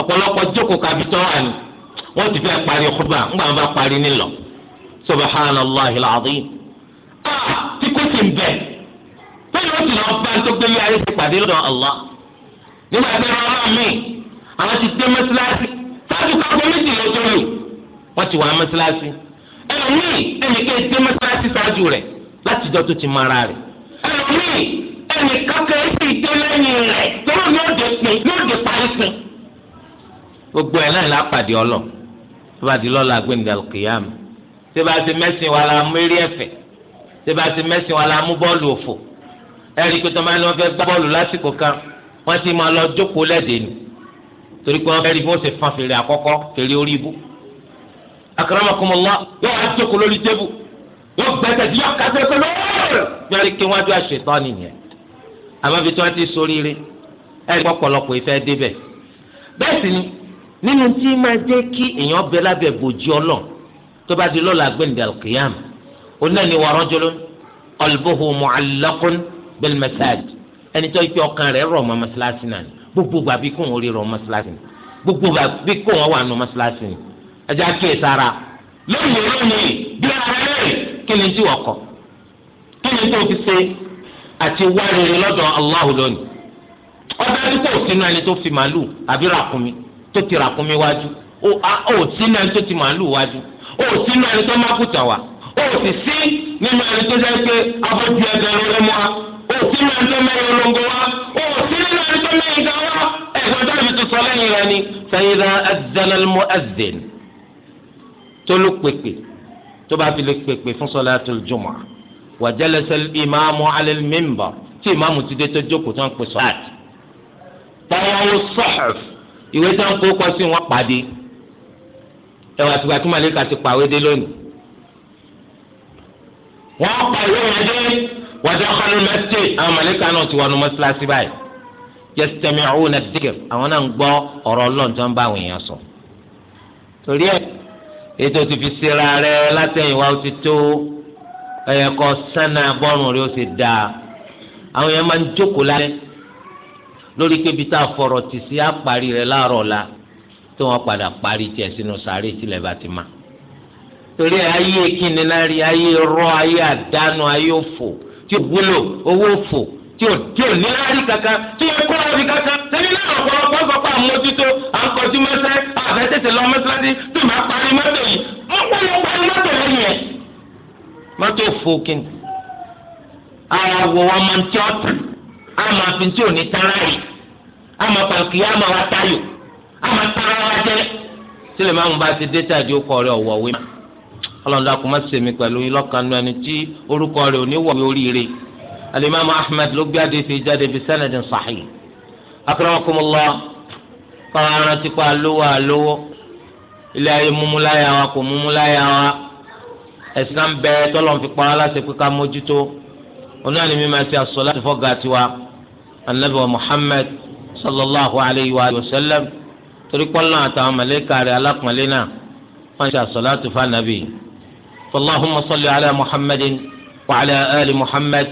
ọ̀pọ̀lọpọ̀ jókòó kàbí tó wà ní wọ́n ti fẹ́ parí khutbah ńgbà wọn bá parí nílọ subhanallahi alazim ah, tí kò sì ń bẹ̀ fẹ́ẹ́ ló ti lọ bá tó gbélé ayé ti pàdé lọ́dọ̀ Allah nígbà tí wọ́n rán mi àwọn ti dé mọ́sálásí sáájú káàkó méjì lọ́jọ́ mi wọ́n ti wà mọ́sálásí ẹ̀rọ mi ẹnì kejì dé mọ́sálásí sáájú rẹ̀ látijọ́ tó ti mara rẹ̀ ẹ̀rọ mi ẹnì kankan èsì ìdó lẹ́yìn rẹ̀ tó yóò dé pin yóò dé parí pin. gbogbo ẹ̀ náà la pàdé ọlọ tó bá di lọ́la gbẹ̀ngàn kìyàm tó bá ti mẹ́sìn wa la mú eré ẹ̀fẹ̀ tó bá ti mẹ́sìn wa la mú bọ́ọ̀lù òfò ẹ̀rí pé tó máa ní wọ́n fẹ́ gbá bọ́ọ̀lù lásìkò kan wọ́n ti máa lọ jókòó lẹ́dẹ̀ẹ́ ni torí pé wọ́n fẹ́ rí bí wọ́n ṣe fan fèrè àkọ́kọ́ fèrè orí ibú akaramakumọlá yóò wá jókòó lórí tébù yóò gbẹ́sẹ̀ sí yọkàtẹ pẹ̀lú ọ̀rọ̀ yọrí kí wọ́n adúlá ṣètọ nìyẹn àmọ́bi tí wọ́n ti ṣoríire ẹ̀rí pọ̀pọ̀lọpọ̀ ìfẹ́ débẹ̀ bẹ́ẹ̀ sì ni nínú tí máa jẹ́ kí èèyàn bẹ lábẹ́ bòjú ọlọ́ tó bá di lọ́la gbẹ̀ǹdà kìyàm onáni wà rọ́jòló qalbuhu mu'allaqun bil masajid ẹni tó ikpe ọkàn rẹ̀ rọ̀ mọ́ mọ́sálásí náà ni gbogbo bá bí kò wọ́n rí rọ̀ mọ́sálásí ni gbogbo bá bí kò wọ́n wà nù mọ́sálásí ni ẹja kíyè sára lónìí lónìí bí ara rẹ̀ kí ni tí wọ́n kọ́ kí ni tó fi ṣe àti wá rere lọ́dọ̀ Allahu lónìí ọba dúpọ̀ sínú ẹni tó fi màálù àbí ràkúnmi tó ti ràkúnmi wájú ó sínú ẹni tó ti màálù wájú ó sínú ẹni tó má kùtà wá ó sì sí nínú ẹni tó jẹ́ pé abọ́jú ẹgbẹ́ lórí mu wa ó sínú ẹni tó mẹ́rin olóńgbò wa ó sínú ẹni tó mẹ́rin gan wa ẹ̀gbọ́n dábì tó sọ lẹ́yìn rẹ ni sayidá azanalmu azin tó ló pèpè tó bá fi lè pèpè fún sọlá tó jùmọ̀ wa jalasa ìmáàmù ala al-minbar tí ìmáàmù ti dé tó jókòó tó ń pè sọ́láàtì. táwọn sọ́ọ̀f ìwé tó ń kó kọ́ sí wọn pàdé ẹwà tìgbà tí màlíkà ti pàwé dé lónìí. wọ́n pa ìwé yẹn dé wàdí ọ̀kanú mẹ́tẹ̀ àwọn màlíkà náà ti wọnú mọ́sálásí báyìí. yastami'una ad-dhikr àwọn náà ń gbọ́ ọ̀rọ̀ ọlọ́run bá àwọn èèyàn sọ. torí ẹ̀ ètò ti fi síra rẹ látẹ̀yìnwá ó ti tó ẹ̀yẹ kọ́ sánà bọ́ọ̀rùn rẹ ó sì dáa àwọn yẹn máa ń jókòó lálẹ́ lórí pé ibi tá a fọ̀rọ̀ tì sí àparí rẹ láàárọ̀ la tí wọ́n padà parí tiẹ̀ sínú sàárè tilẹ̀ bá ti ma torí ayé kíni lárí ayé rọ ayé àdánù ayé òfò tí o wúlò owó òfò tí o tí o ní lárí kankan tí o kó lárí kankan sẹ́ni náà ọ̀pọ̀lọpọ̀ ọ̀pọ̀lọpọ̀ àmójútó àkọ́jú mẹ́sẹ̀ àfẹ́tẹ̀tẹ̀ lọ tó máa parí mọ́tò yìí wọ́n kọ́ parí mọ́tò lẹ́yìn ẹ̀ mọ́tò fòkìn ara wọ wọn máa ń tí ọ́ tà á máa fi tí ò ní tara yìí á máa pàǹkì á máa wá tayò á máa tara wá jẹ́ sílẹ̀ máa ń bá ti dé tàbí ó kọ́ rẹ̀ ọ̀wọ́ wí má ọlọ́run dàkú má ṣe pẹ̀lú yín lọ́kànnú ẹni tí orúkọ rẹ̀ ò ní wọ̀ mí oríire alimami ahmed ló gbé adé fi jáde fi sanadin sahih akramakumullah kọ́ ara ti pa lówó àlówó ilé ayé múmúláyà wa kò múmúláyà wa ẹ̀sán bẹ́ẹ̀ tọ́lọ́n fi pamọ́ aláṣẹ pé ká mójútó onáà ni mi máa ṣe àsọlá tó fọ́gà tiwa anabi wa muhammed sallallahu alayhi wa sallam torí pọ́nlọ́n àtàwọn mọ̀lẹ́kà rẹ̀ alákùnrin náà wọ́n ṣe àsọlá tó fà nàbì fallahumma salli ala muhammadin wa ala ali muhammad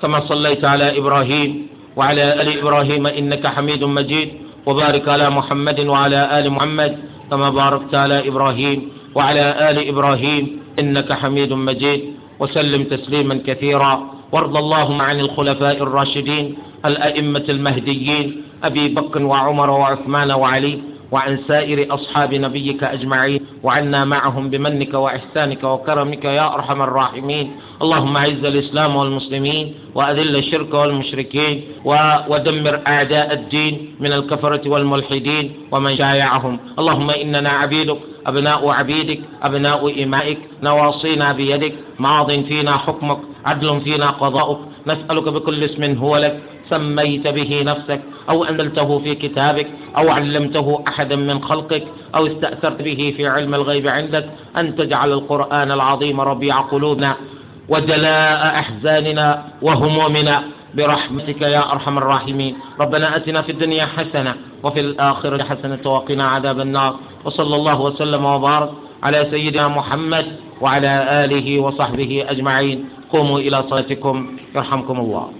kama sallaita ala ibrahim wa ala ali ibrahim innaka hamidun majid وبارك على محمد وعلى آل محمد كما باركت على إبراهيم وعلى آل إبراهيم إنك حميد مجيد وسلم تسليما كثيرا وارض اللهم عن الخلفاء الراشدين الأئمة المهديين أبي بكر وعمر وعثمان وعلي وعن سائر أصحاب نبيك أجمعين وعنا معهم بمنك وإحسانك وكرمك يا أرحم الراحمين اللهم أعز الإسلام والمسلمين وأذل الشرك والمشركين ودمر أعداء الدين من الكفرة والملحدين ومن شايعهم اللهم إننا عبيدك أبناء عبيدك أبناء إمائك نواصينا بيدك ماض فينا حكمك عدل فينا قضاؤك نسألك بكل اسم هو لك سميت به نفسك أو أنزلته في كتابك أو علمته أحدا من خلقك أو استأثرت به في علم الغيب عندك أن تجعل القرآن العظيم ربيع قلوبنا وجلاء أحزاننا وهمومنا برحمتك يا أرحم الراحمين ربنا أتنا في الدنيا حسنة وفي الآخرة حسنة وقنا عذاب النار وصلى الله وسلم وبارك على سيدنا محمد وعلى آله وصحبه أجمعين قوموا إلى صلاتكم يرحمكم الله